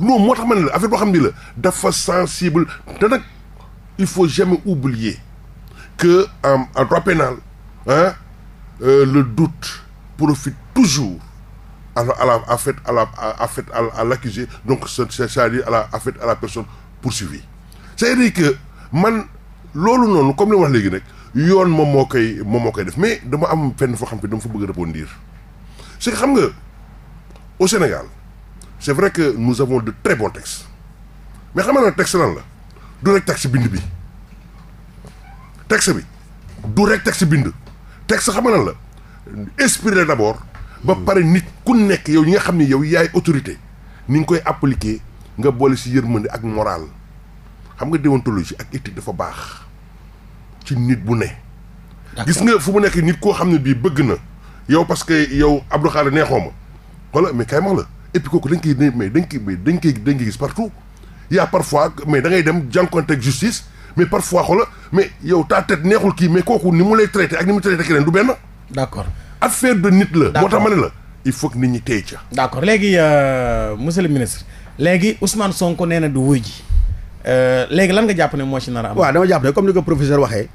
loolu moo tax ma ne la affaire boo xam ni la dafa sensible te nag il faut jamais oublier que en en droit pénal euh, le doute profite toujours à la à la à fait à la à fait à l'accusé donc c'est-à-dire à la à fait à la personne poursuivie c'est-à-dire que man loolu noonu comme li ma wax léegi nag yoon moom moo koy moo moo koy def mais dama am fenn foo xam ne dama fa bëgg a rebondir c'est que xam nga au Sénégal c'est vrai que nous avons de très bons textes mais xam nga ne texte lan la du rek texte bind bi texte bi du rek texte bind texte xam la lan la inspiré d'abord ba pare nit ku nekk yow ñi nga xam ni yow yaay autorité ni nga koy appliquer nga boole ci yërmande ak morale xam nga déontologie ak éthique dafa baax ci nit bu ne. gis nga fu mu nekk nit koo xam ne bii bëgg na. yow parce que yow Abdou Khadre neexoo ma wala mais kay ma la et puis kooku dañ koy mais dañ koy dañ koy dañ koy gis partout y a parfois mais da ngay dem jànkuwante ak justice mais parfois xoola mais yow ta tête neexul kii mais kooku ni mu lay traité ak ni mu traité keneen du benn. d' affaire de nit la. moo tax ma la il faut nit ñi téye ca. d' accord léegi euh, monsieur le ministre léegi Ousmane Sonko nee na du wuy ji euh, léegi lan nga jàpp ne moo ci nar a am. waaw dama jàpp ne comme ni ko waxee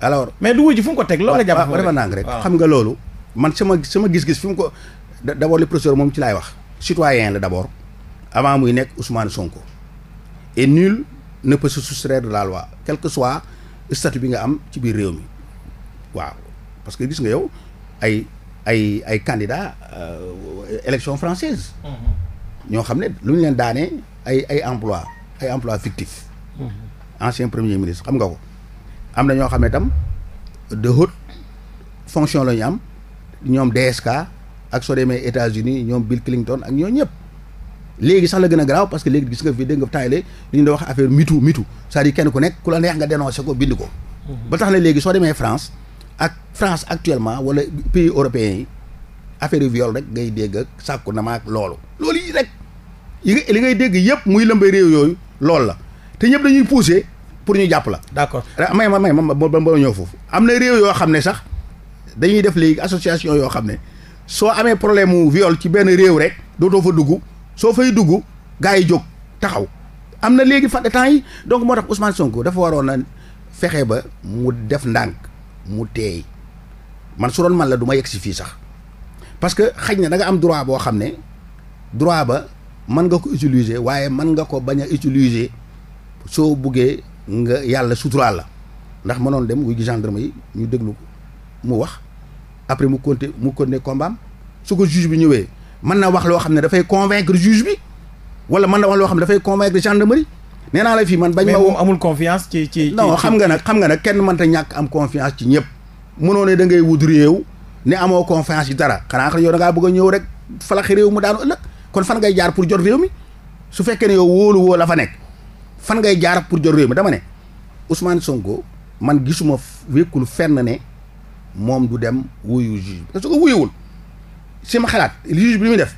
alors. mais du wuy ji fu ko teg loo nga jàpp. waaw xam nga loolu. man sama sama gis-gis fi mu ko d'abord le professeur moom ci laay wax citoyen la d'abord avant muy nekk Ousmane Sonko et nul ne peut se de la loi quel que soit statut bi nga am ci biir réew mi waaw parce que gis nga yow ay ay ay candidat euh, élection française mm-hmm. ñoo xam ne lu ñu leen daanee ay ay emploi ay emploi fictif mm-hmm. ancien premier ministre xam nga ko am na ñoo xam ne tam de haute fonction la am ñoom DSK ak soo demee États-Unis ñoom Bill Clinton ak ñoo ñëpp léegi sax la gën a garaaw parce que léegi gis nga fi dégg nga taayale li ñu doon wax kenn ku nekk ku la neex nga dénoncé ko bind ko. Mhm. ba tax na léegi soo demee France ak France actuellement wala pays européens yi affaire yu viol rek ngay dégg ak sàkku na ma loolu. loolu yi rek yi li ngay dégg yëpp muy lëmbay réew yooyu loolu la te ñëpp dañuy poussé pour ñu jàpp la. d'accord ah, may ma may ma ma ba ñëw foofu am na réew yoo xam ne sax. dañuy def léegi association yoo xam ne soo amee problème mu viol ci benn réew rek dootoo fa dugg soo fay dugg gars yi jóg taxaw am na léegi fàtte temps yi donc moo tax Ousmane Sonko dafa waroon a fexe ba mu def ndànk mu teey man su doon man la du ma yegg si fii sax parce que xaj na da am droit boo xam ne droit ba mën nga ko utiliser waaye man nga ko bañ a utiliser soo buggee nga yàlla suturaal la ndax mënoon dem wuy gi gendarme yi ñu déglu ko mu wax après mu conté mu continuer combat am su ko juge bi ñëwee mën na wax loo xam ne dafay convaincre juge bi wala mën na wax loo xam ne dafay convaincre gendarmerie nee naa la fii man. bañ ma woo amul confiance ci ci. non xam nga nag xam nga nag kenn mënta ñàkk am confiance ci ñëpp. mënoo ne da ngay wut réew ne amoo confiance ci dara xanaa xanaa yow da ngaa bëgg a ñëw rek falax réew mu daanu ëllëg kon fan ngay jaar pour jot réew mi su fekkee ne yow wóolu woo la fa nekk fan ngay jaar pour jot réew mi dama ne Ousmane Sonko man gisuma wékkul fenn ne. moom du dem wuyu juge bi parce que wuyuwul si ma xalaat juge bi muy def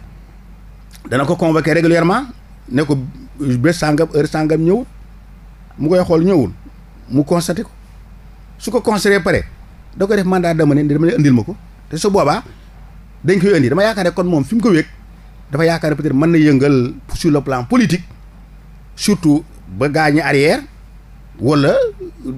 dana ko convoquer régulièrement ne ko bés sàngam heure sàngam ñëwul mu koy xool ñëwul mu constaté ko su ko constaté pare da koy def man mandat dama ne dama ne indil ma ko te su boobaa dañ koy indi dama yaakaar ne kon moom fi mu ko wéeg dafa yaakaar ne peut mën na yëngal sur le plan politique surtout ba gaañi arrière wala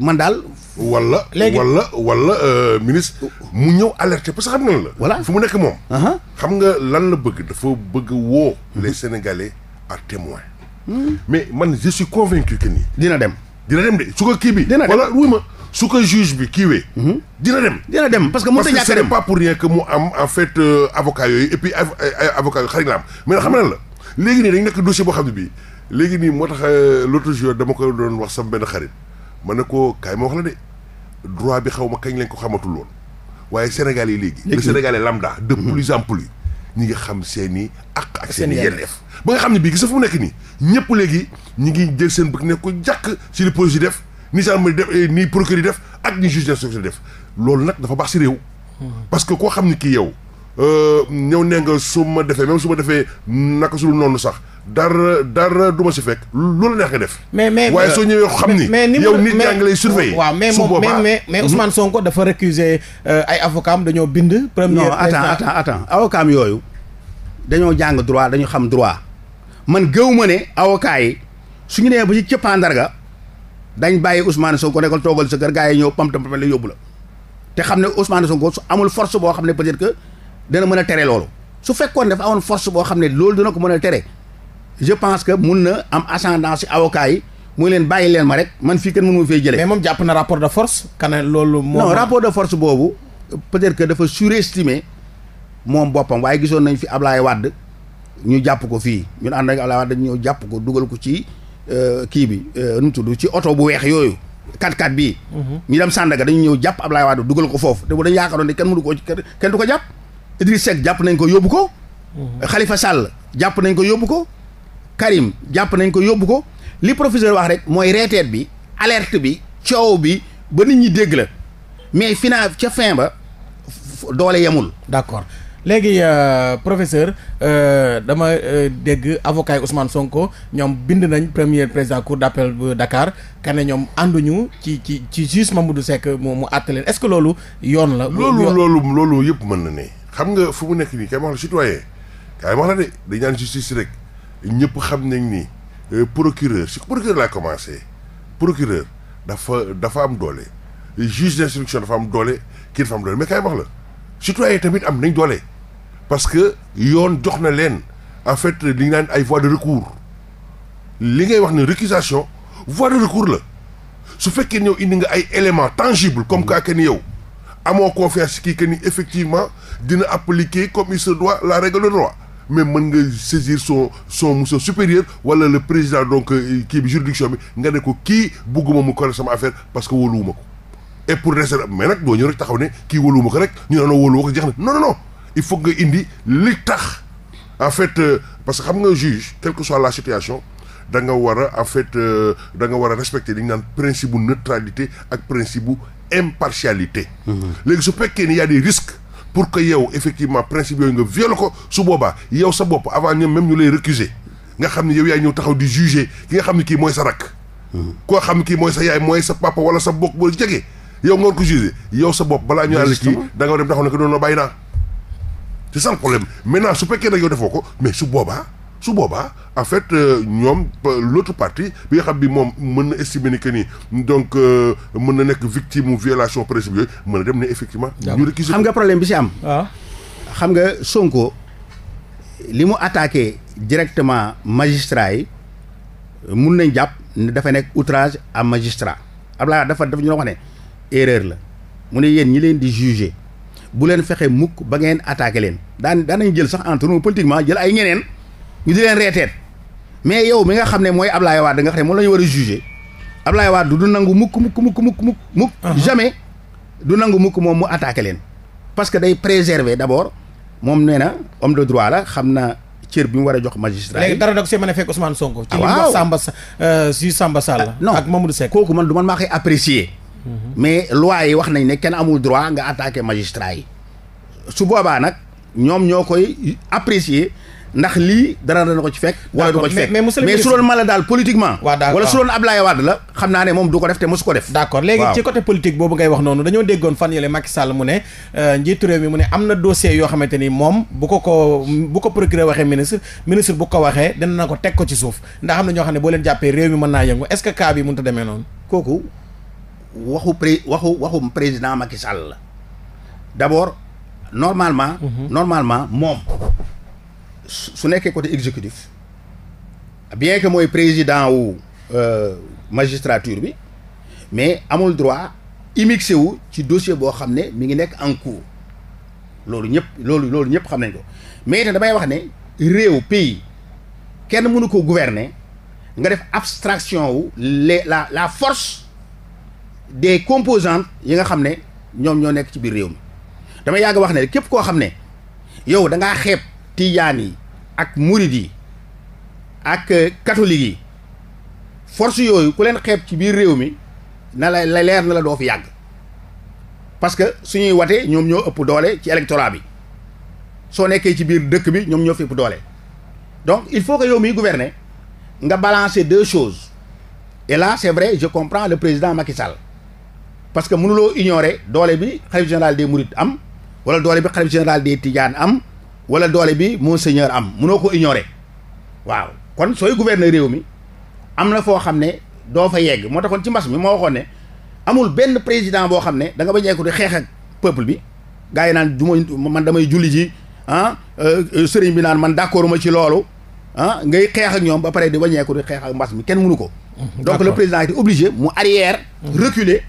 man daal. wala wala wala euh, ministre mu ñëw alerte parce que xam nga la. voilà fu mu nekk moom. Uh-huh. xam nga lan la bëgg dafa bëgg woo. les sénégalais à témoin. Hmm. mais man je suis convaincu que ni. dina dem dina dem de su ko kii bi. dina dem wala wuy ma su ko juge bi kiiwee. Hmm. dina dem dina dem parce que mënut a ñàkk dem parce que ce n'est pas pour rien que mu am en fait euh, avocat yooyu et puis avocat yooyu xarit la am mais xam nga lan la léegi nii dañ nekk dossier boo xam ne bii. léegi nii moo tax euh, l'autre jour dama ko doon wax sama benn xarit ma ne ko kaay ma wax la de droit bi xaw ma kañ leen ko xamatul woon waaye Sénégal yi léegi le Sénégalais lambda de mm-hmm. plus en plus ñi ngi xam seen i ak ak seen i ba nga xam ne bii gis fu mu nekk nii ñëpp léegi ñu ngi jël seen bëgg ne ko jàkk si li police yi def ni gendarmerie def eh, ni procureur yi def ak ni juge d'instruction def loolu nag dafa baax si réew mm-hmm. parce que koo xam ni kii yow Euh, ñëw ne nga su ma defee même su ma defee naka su noonu sax dara dara du ma si fekk loolu neex nga def. mais mais waaye soo ñëwee xam ni. yow nit ñaa ngi lay surveiller. waaw mais moom mais mais mhm. Ousmane Sonko dafa récuser euh, ay avocats dañoo bind. premier non attends attends attends avocats yooyu dañoo jàng droit dañu xam droit man gëw ma ne avocats yi su ñu nee ba ci cëppaandarga dañ bàyyi Ousmane Sonko ne ko toogal sa kër gars ñëw pam pam la yóbbu la te xam ne Ousmane Sonko su amul force boo xam ne peut-être que. dana mën a tere loolu su fekkoon dafa amoon force boo xam ne loolu dana ko mën a tere je pense que mun na am ascendance awokaa avocat yi muy leen bàyyi leen ma rek man fii kenn mënu ma fay jëlee. mais moom jàpp na rapport de force. kana loolu moo. non boobu peut-être que dafa surestimer moom boppam waaye gisoon nañ fi Ablaye Wade ñu jàpp ko fii ñun ànd ak Ablaye Wade ñu jàpp ko dugal ko ci euh, kii bi euh, nu tuddu ci oto bu weex yooyu. 4-4 bii. Mhm. ñu dem Sandaga dañu ñëw jàpp Ablaye Wade dugal ko foofu te bu dañu yaakaaroon ne kenn mënu ko kenn du ko jàpp. Idriss Seck jàpp nañ ko yóbbu ko. xalifa mhm. Sall jàpp nañ ko yóbbu ko. Karim jàpp nañ ko yóbbu ko li professeur wax rek mooy reeteet bi alerte bi coow bi ba nit ñi dégg la mais final ca fin ba doole yemul. d'accord léegi euh, professeur euh, dama euh, dégg avocat yi Ousmane Sonko ñoom bind nañ premier président cour d'appel bu Dakar ka ne ñoom ànduñu ci ci ci juge Mamadou sekk mu mu àtte leen ce que loolu yoon la. loolu loolu loolu yëpp mën na ne. xam nga fu mu nekk nii kay ma wax la citoyen kay ma wax la de dañ naan justice rek ñëpp xam nañ nii euh, procureur si procureur laa commencé procureur dafa dafa am doole juge d'instruction dafa am doole kii dafa am doole mais kay ma la citoyen tamit am nañ doole parce que yoon jox na leen en fait li ñu naan ay voies de recours li ngay wax ne récusation voie de recours la su fekkee ñëw indi nga ay éléments tangibles comme mmh. que ni yow amoo confiance kii que ni effectivement dina appliquer comme il se doit la règle de droit mais mën nga saisir son son monsieur supérieur wala le président donc euh, kii bi juridiction bi nga ne ko kii bugguma mu correct sama affaire parce que wóoluwuma ko et pour réserve mais nag doo ñëw rek taxaw ne kii wóoluwuma ko rek ñu ne non wóoluwuma ko jeex na non non non il faut nga indi li tax en fait euh, parce que xam nga juge quelle que soit la situation da nga war a en fait euh, da nga war a respecter li ñu naan bu neutralité ak principe bu impartialité. Mhm. léegi su fekkee ni y a des risques pour que yow effectivement principe yooyu nga violé ko su boobaa yow sa bopp avant ñoom même ñu lay récuser nga xam ne yow yaa ñëw taxaw di juger ki nga xam ne kii mooy sa rakk. Mhm. koo xam ne kii mooy sa yaay mooy sa papa wala sa bokk bu jege yow nga war ko juger yow sa bopp balaa ñu ale la kii da nga war dem taxaw ne ko noonu la bàyyi naa. c'est ça le problème maintenant su fekkee nag yow defoo ko mais su boobaa. su boobaa en fait euh, ñoom euh, l'autre partie bi nga xam bi moom mën na estimer ni que ni euh, mën na nekk victime violation principe yooyu mën na dem ne effectivement. ñu récuser xam nga problème bi am. waaw ah. xam nga Sonko li mu attaqué directement magistrat yi nañ jàpp ne dafa nekk outrage à magistrat Abdoulaye dafa dafa ñu wax ne erreur la mu ne yéen ñi leen di juger bu leen fexe mukk ba ngeen attaqué leen daan daan nañ jël sax en tournant politiquement jël ay ñeneen. ñu di leen reeteet mais yow mi nga xam ne mooy Ablaye Wade nga xam ne moom la ñu war a jugé Ablaye Wade du nangu mukk mukk mukk mukk mukk mukk uh-huh. jamais du nangu mukk moom mu attaqué leen parce que day préserver d'abord moom nee na homme de droit la xam na cër bi mu war a jox magistrat léegi dara da ko see mën a fekk Ousmane Sonko ah, ci li mu wax Samba si euh, Samba Sall ah, non ak Mamadou Seck kooku man du man maa koy apprécier mhm. mais loi yi wax nañ ne kenn amul droit nga attaqué magistrat yi su boobaa nag ñoom ñoo koy apprécier ndax lii dara dana ko ci fekk. wala du ko ci fekk mais mais su doon mala daal politiquement. wala su doon a Wade la xam naa ne moom du ko def te mosu ko def. d'accord léegi ci côté politique boobu ngay wax noonu dañoo déggoon fan yële Macky Sall mu ne euh, njiitu réew mi mu ne am na dossier yoo xamante ni moom bu ko ko bu ko procureur waxee ministre ministre bu ko waxee na ko teg ko ci suuf ndax am na ñoo xam ne boo leen jàppee réew mi naa yëngu est-ce que cas bi waxu waxu président Macky Sall la d'abord normalement. Mhm. normalement moom. su nekkee côté exécutif bien que mooy président wu euh, magistrature bi mais amul droit immixé wu ci dossier boo xam ne mi ngi nekk en cours loolu ñëpp loolu loolu ñëpp xam nañ ko mais itam damay wax ne réew pays kenn mënu ko gouverner nga def abstraction wu les la la force des composantes yi nga xam ne ñoom ñoo nekk ci biir réew mi damay yàgg wax ne képp koo xam ne yow da ngaa xeeb. tijaan yi ak murid yi ak catholique yi force yooyu ku leen xeeb ci biir réew mi na la la leer na la doo fi yàgg parce que suñuy watee ñoom ñoo ëpp doole ci électorat bi soo nekkee ci biir dëkk bi ñoom ñoo fi ëpp doole donc il faut que yow miy gouverner nga balancer deux choses et là c'est vrai je comprends le président Macky Sall parce que mënuloo ignorer doole bi xalif général des Mourides am wala doole bi xalif général des Tidiane am wala doole bi monseigneur am munoo ko ignorer waaw kon sooy gouverner réew mi am na foo xam ne doo fa yegg moo taxoon ci mbas mi moo waxoon ne amul benn président boo xam ne da nga bañ a di xeex ak bi gaa yi naan du ma man damay julli ji ah euh, euh, sëriñ bi naan man d'accord ma ci loolu ah ngay xeex ak ñoom ba pare di bañ a di xeex mbas mi kenn mënu ko. donc le président était obligé mu arrière. Mmh. reculer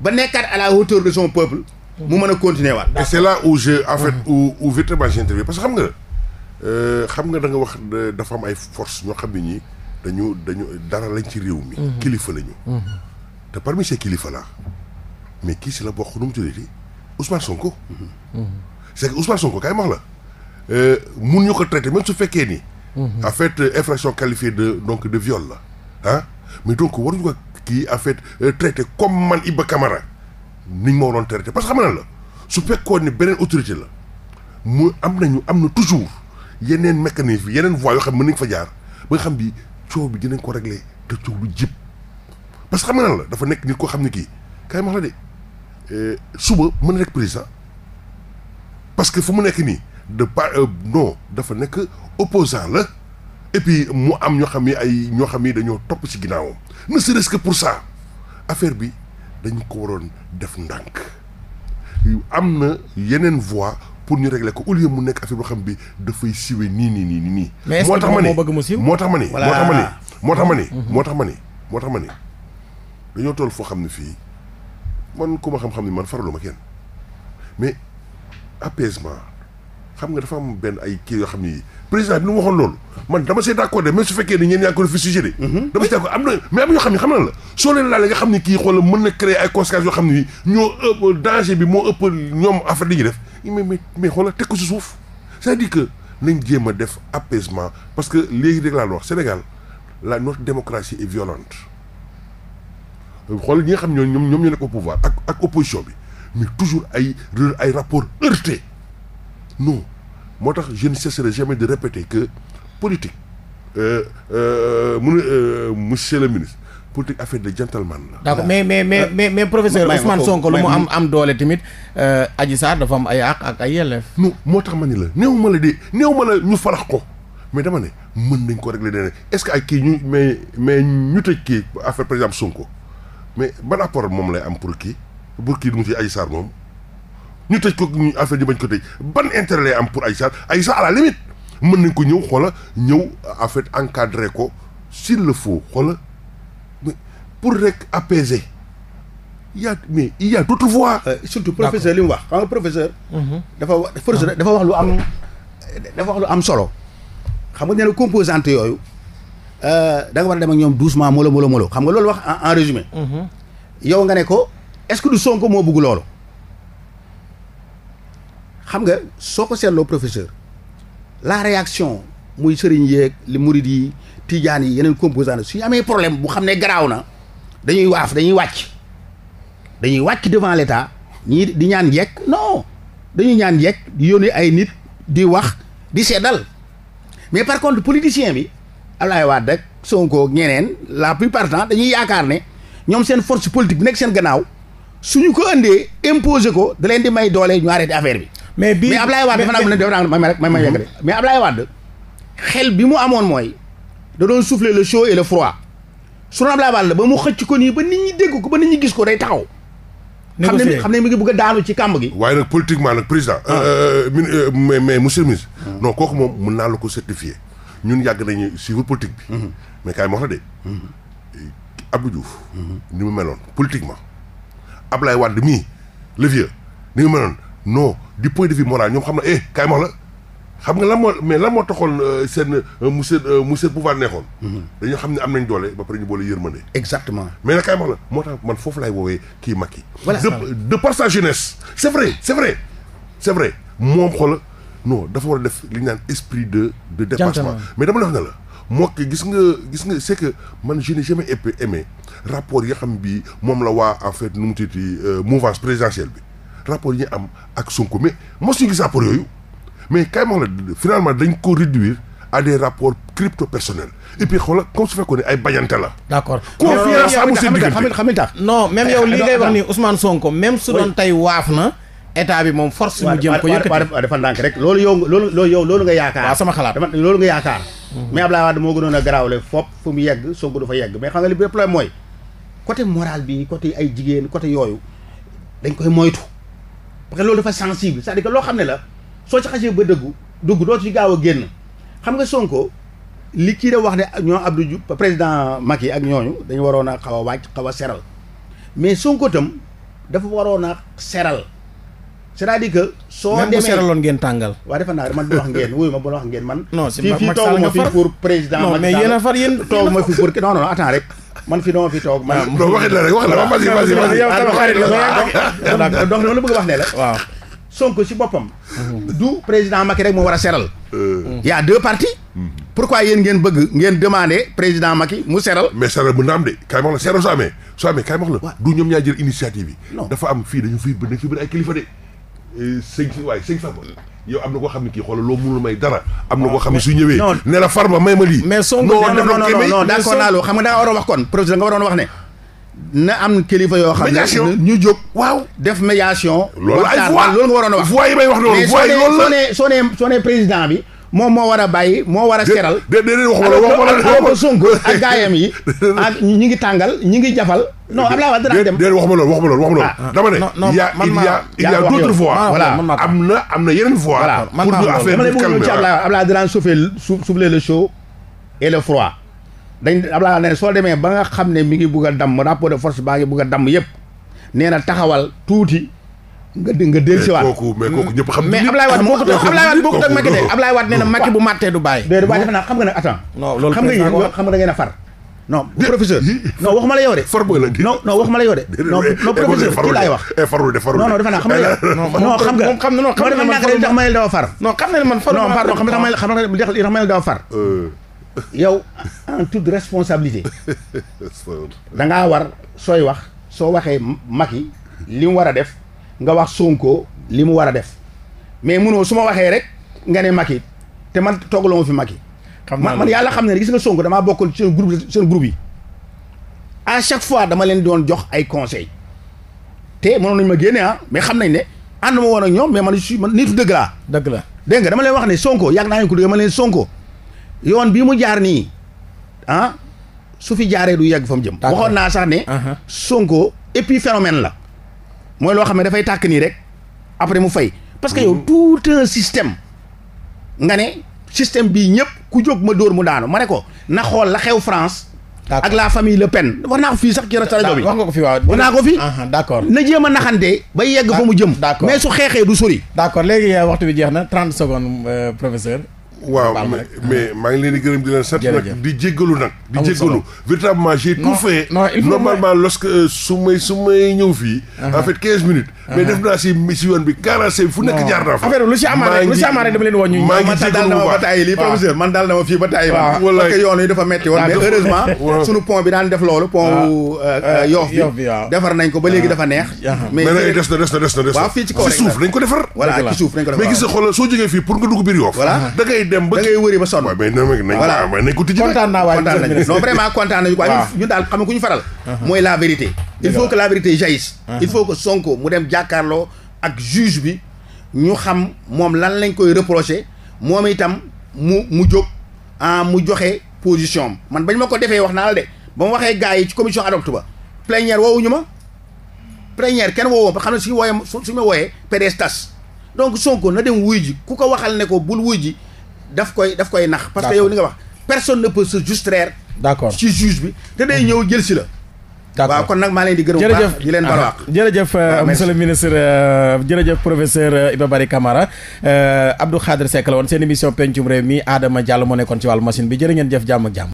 ba nekkaat à la hauteur de son peuple. mu mën a continuer waat. et c'est là où je en fait mm-hmm. où où véritablement j'interviens parce que xam nga euh, xam nga da nga wax dafa am ay force ñoo xam ne ñii dañu dañu dara lañ ci réew mi. Mm-hmm. kilifa lañu. Mm-hmm. te parmi ces kilifa la mais kii si la bokk nu mu tuddati Ousmane Sonko. c'est que Ousmane Sonko kaay ma wax la euh, mun ñu ko traiter même su fekkee nii en fait euh, infraction qualifiée de donc de viol la ah mais donc waruñu ko kii en fait traiter comme man Iba Camara. niñ ma waroon traité parce que xam na la su fekkoon ne beneen autorité la mu am nañu am na toujours yeneen mécanisme yeneen voies yoo xam mën nañ fa jaar ba nga xam bi coow bi dinañ ko réglé te coow lu jib parce que xam na la dafa nekk nit koo xam ne kii kay ma la de euh, suba mën na nekk président parce que fu mu nekk nii de par euh, non dafa nekk opposant la et puis mu am ñoo xam ne ay ñoo xam ne dañoo topp ci ginnaawam ne si ce que pour ça affaire bi. dañ ko waroon def ndànk am na yeneen voie pour ñu régler ko au lieu mu nekk affaire boo xam bi dafay siwe nii nii nii nii. moo tax ma ni moo tax ma ni moo tax ma ni mhm. moo tax ma ni moo tax ma ni dañoo toll foo xam ne fii man ku ma xam-xam ni man faralu ma kenn mais apaisement xam nga dafa am benn ay kii yoo xam ni. président bi nu waxoon loolu man dama see d'accord de même su fekkee ni ñeen yaa ngi ko fi sujet de mhm. dama see d'accord am na mais am ñoo xam ne xam na la soo leen laalee nga xam ne kii xoolal mën na créer ay conséquences yoo xam ne ñoo ëpp danger bi moo ëpp ñoom affaire li ñu def mais mais xoolal teg ko si suuf c'est-à-dire que nañ jéem a def apaisement parce que léegi rek laa wax Sénégal la notre démocratie est violente xool ñi nga xam ñoo ñoom ñoom ñoo nekk au pouvoir ak ak opposition bi toujours ay ay rapport heurté non moo tax je ne cesserai jamais de répéter que politique euh, euh, mu ne euh, monsieur le ministre politique affaire de gentleman la. d'accord mais mais mais mais professeur Ousmane Sonko lu mu am am doole tamit Adji Sarr dafa am ay àq ak ay yelleef. non moo tax ma ni la néew ma la de néew ma la ñu farax ko mais dama ne mën nañ ko régler leneen est-ce que ay kii ñu mais mais ñu tëj kii affaire par exemple Sonko mais ban rapport moom lay am pour kii pour kii du mu ci Adji Sarr moom. ñu tëj ko ñu affaire ñu bañ ko tëj ban intérêt lay am pour Aïssa Aïssa à la limite mën nañ ko ñëw xoola ñëw en fait encadré ko s'il le faut xoola pour rek apaiser il y a mais il y a d'autres voies. Euh, surtout professeur li mu wax xam nga professeur. Mhm. dafa wax dafa wax lu am dafa wax lu am solo. xam nga nee na composante yooyu euh, da nga war a dem ak ñoom doucement molo molo xam nga loolu wax en résumé. Mhm. yow nga ne ko est-ce son du Sonko moo bëgg loolu. xam nga soo ko seetloo professeur la réaction muy sëriñ yéeg li murid di tijaan yi yeneen composants yi su ñu amee problème bu xam ne garaaw na dañuy waaf dañuy wàcc dañuy wàcc devant l'état ñii di ñaan yekk non dañuy ñaan yekk di yónnee ay nit di wax di seddal mais par contre politicien bi Abdoulaye Wade rek Sonko ñeneen la plupart temps dañuy yaakaar ne ñoom seen force politique bi nekk seen gannaaw suñu ko indee imposer ko da leen di may doole ñu arrêté affaire bi mais bii mais Ablaye Wade dafa naa ne dafa naa may xel bi mu amoon mooy da doon souffler le chaud et le froid su doon Ablaye Wade ba mu xëcc ko nii ba ni ñi dégg ko ba nit ñi gis ko day taxaw. xam ne xam ne mi ngi bëgg a ci kàmb gi. waaye nag politiquement nag président. Ah. Euh, euh, euh, mais mais monsieur le ministre. Ah. kooku moom mën naa la ko certifier ñun yàgg nañu suivre politique bi. Mhm. mais kaay ma wax la de. Mhm. Abdou Diouf. Mhm. ni mu meloon politiquement Ablaye Wade mii le vieux ni mu meloon non. du point de vue moral ñoom xam na eh kaay ma la xam nga lan moo mais lan moo taxoon euh, seen mu seen mu seen pouvoir neexoon. Mm-hmm. dañoo xam ne am nañ doole ba pare ñu boole yërmande. exactement mais nag kaay ma la moo tax man foofu lay woowee kii Macky. voilà de de par sa jeunesse. c' est vrai c' vrai c' vrai moom xool non dafa war a def li ñu naan esprit de. de dépassement mais dama la wax la. moo gis nga gis nga c' que man je n'ai jamais aimé rapport ya xam bii moom la waa en fait mu tudd euh, mouvance présidentielle bi. rapport yi ñu am ak Sonko mais mosuñu gis rapport yooyu mais kay ma la finalement dañ ko réduire à des rapports crypto personnels et puis xoolal comme su fekkoon ne ay bañante la. d'accord confiance amul na. état bi moom force mu jëm ko rek loolu yow loolu loolu yow loolu nga yaakaar waaw sama xalaat dafa loolu nga yaakaar mais Abdoulaye Wade moo gënoon a garaawle fop fu mu yegg Sonko du fa yegg mais xam nga li problème mooy côté moral bi côté ay jigéen côté yooyu dañ koy moytu parce que loolu dafa sensible c'est-à-dire que loo xam ne la soo ci xasee ba dëggu dugg doo ci gaaw a génn xam nga Sonko li kii da wax ne ñoo Abdou Diouf président Macky ak ñooñu dañu waroon a xaw a wàcc xaw a seral mais Sonko tam dafa waroon a seral c'est-à-dire que soo demee même bu seraloon ngeen man bu wax ngeen wuyu ma bu wax ngeen man. fii fii tooguma fi pour président. non mais yéen a far yéen tooguma fi pour non non attends rek. man fi dama fi toog. man non waxit la rek wax la vas y vas y vas y. ah, ah. bëgg wax ne la. waaw Sonko si boppam. du président Macky rek moo war a seral. Euh. yaa a deux pourquoi yéen ngeen bëgg ngeen demande président Macky mu seral. mais seral bu na am de kaay ma wax la seral su amee su amee kaay ma wax la. du ñoom ñaa jël initiative yi. dafa am fii dañu fi bëri dañu fi bëri ay kilifa de. sëñ si waay sëñ yow am na koo xam ne kii xoolal loo mënul may dara. am na koo ah, xam ne su ñëwee. ne la Farba may ma lii. mais soo non non non d'accord naa loo xam nga da nga wax kon ne. na am kilifa yoo xam ne ñu jóg. waaw def médiation. loolu loolu nga waroon a wax. voix yi may wax noonu voix yi loolu la mais soo nee soo nee président bi. moom moo war a bàyyi moo war a seral déedéet wax wala wax wala wax ko Sonko ak gaayam yi ñi ngi tàngal ñi ngi jafal non Abdoulaye Wade dem déedéet wax ma loolu wax ma loolu wax ma loolu ah, dama ne il y a il y am na am na yeneen fois pour ñu affaire bi calme ci Abdoulaye Abdoulaye dana souffler dañ Abdoulaye ne soo demee ba nga xam ne mi ngi bugg a damm rapport de force baa ngi bugg a damm yëpp nee na taxawal tuuti nga dé nga del si waat kooku mais kooku ñëpp xam mais Ablaye Wade bokkut ak Ablaye Wade bokkut ak Macky de Ablaye Wade nee na Macky bu màttee du bàyyi déedéet waaye defe naa xam nga ne attends non loolu xam nga yéen xam nga da ngeen a far non professeur non waxuma la yow de far booy la non non waxuma la yow de non non professeur kii laay wax eh, farul de farul non non defe naa xam nga non xam nga moom xam na non xam na man nag tax mayel dawa far non xam na man far non far xam na xam nga li tax mayel dawa far yow en toute responsabilité dangaa war sooy wax soo waxee Macky li mu war a def nga wax Sonko li mu war a def mais munoo su ma waxee rek nga ne Macky te man toogaloo mu fi Macky. xam man man yàlla xam ne gis nga Sonko damaa bokkul ci seen groupe seen groupe yi à chaque fois dama leen doon jox ay conseils te mënoon nañu ma génne ah mais xam nañ ne ànd ma woon ak ñoom mais man su man nitu dëgg laa. dëgg la dégg nga dama leen wax ne Sonko yàgg naa leen ko dégg ma leen Sonko yoon bii mu jaar nii ah su fi jaaree du yàgg fa mu jëm. waxoon naa sax ne. Uh-huh. Sonko épiphénomène la. mooy loo xam ne dafay tàkk nii rek après mu fay parce que yow mhm. tout un système nga ne système bii ñëpp ku jóg ma dóor mu daanu ma ne ko na xool la xew France ak la famille Le Pen wax ko fii sax ci rajo bi wax nga ko fi waaw wax naa ko fi d'accord na jéem a naxante ba yegg fa mu jëm d'accord mais su xeexee du sori d'accord léegi waxtu bi jeex na trente secondes euh, professeur waaw mais maa ngi leen di gërëm di leen sant nag di jéggalu nag di jéggalu véritablement j'ai tout fait normalement lorsque que suuf nañ ko defar voilà ci suuf mais gis nga xoolal soo jógee fii pour nga dugg biir yoof da ngay dem ba da ngay wëri ba sonn voilà kontaan naa waaye kontaan nañu non vraiment kontaan nañu quoi ñun daal xam nga ku ñu faral uh-huh. mooy la vérité il faut que la vérité jaillisse uh-huh. il faut que Sonko mu dem jàkkaarloo ak juge bi ñu xam moom lan lañ koy reproché moom itam mu mu jóg ah mu joxe position am man bañ ma ko defee wax naa la de ba ma waxee gars yi ci commission adopte ba plénière woowuñu ma plénière kenn woowoo ba xam ne suñu wooyee suñu ma wooyee PDS tas donc Sonko na dem wuy ji ku ko waxal ne ko bul wuy ji daf koy daf koy nax. parce que yow li nga wax personne ne peut se soustraire. d'accord ci juge bi te day ñëw mhm. jël si la. d'accord waaw kon nag maa leen di gërëm bu baax di leen balwaax jërëjëf euh, monsieur le ministre euh, jërëjëf professeur euh, Iba Barry Camara Abdou Khadre Seck la woon seen émission pencum réew mi Adama Diallo moo nekkoon ci wàllu machine bi jërë ngeen jëf jàmm jàmm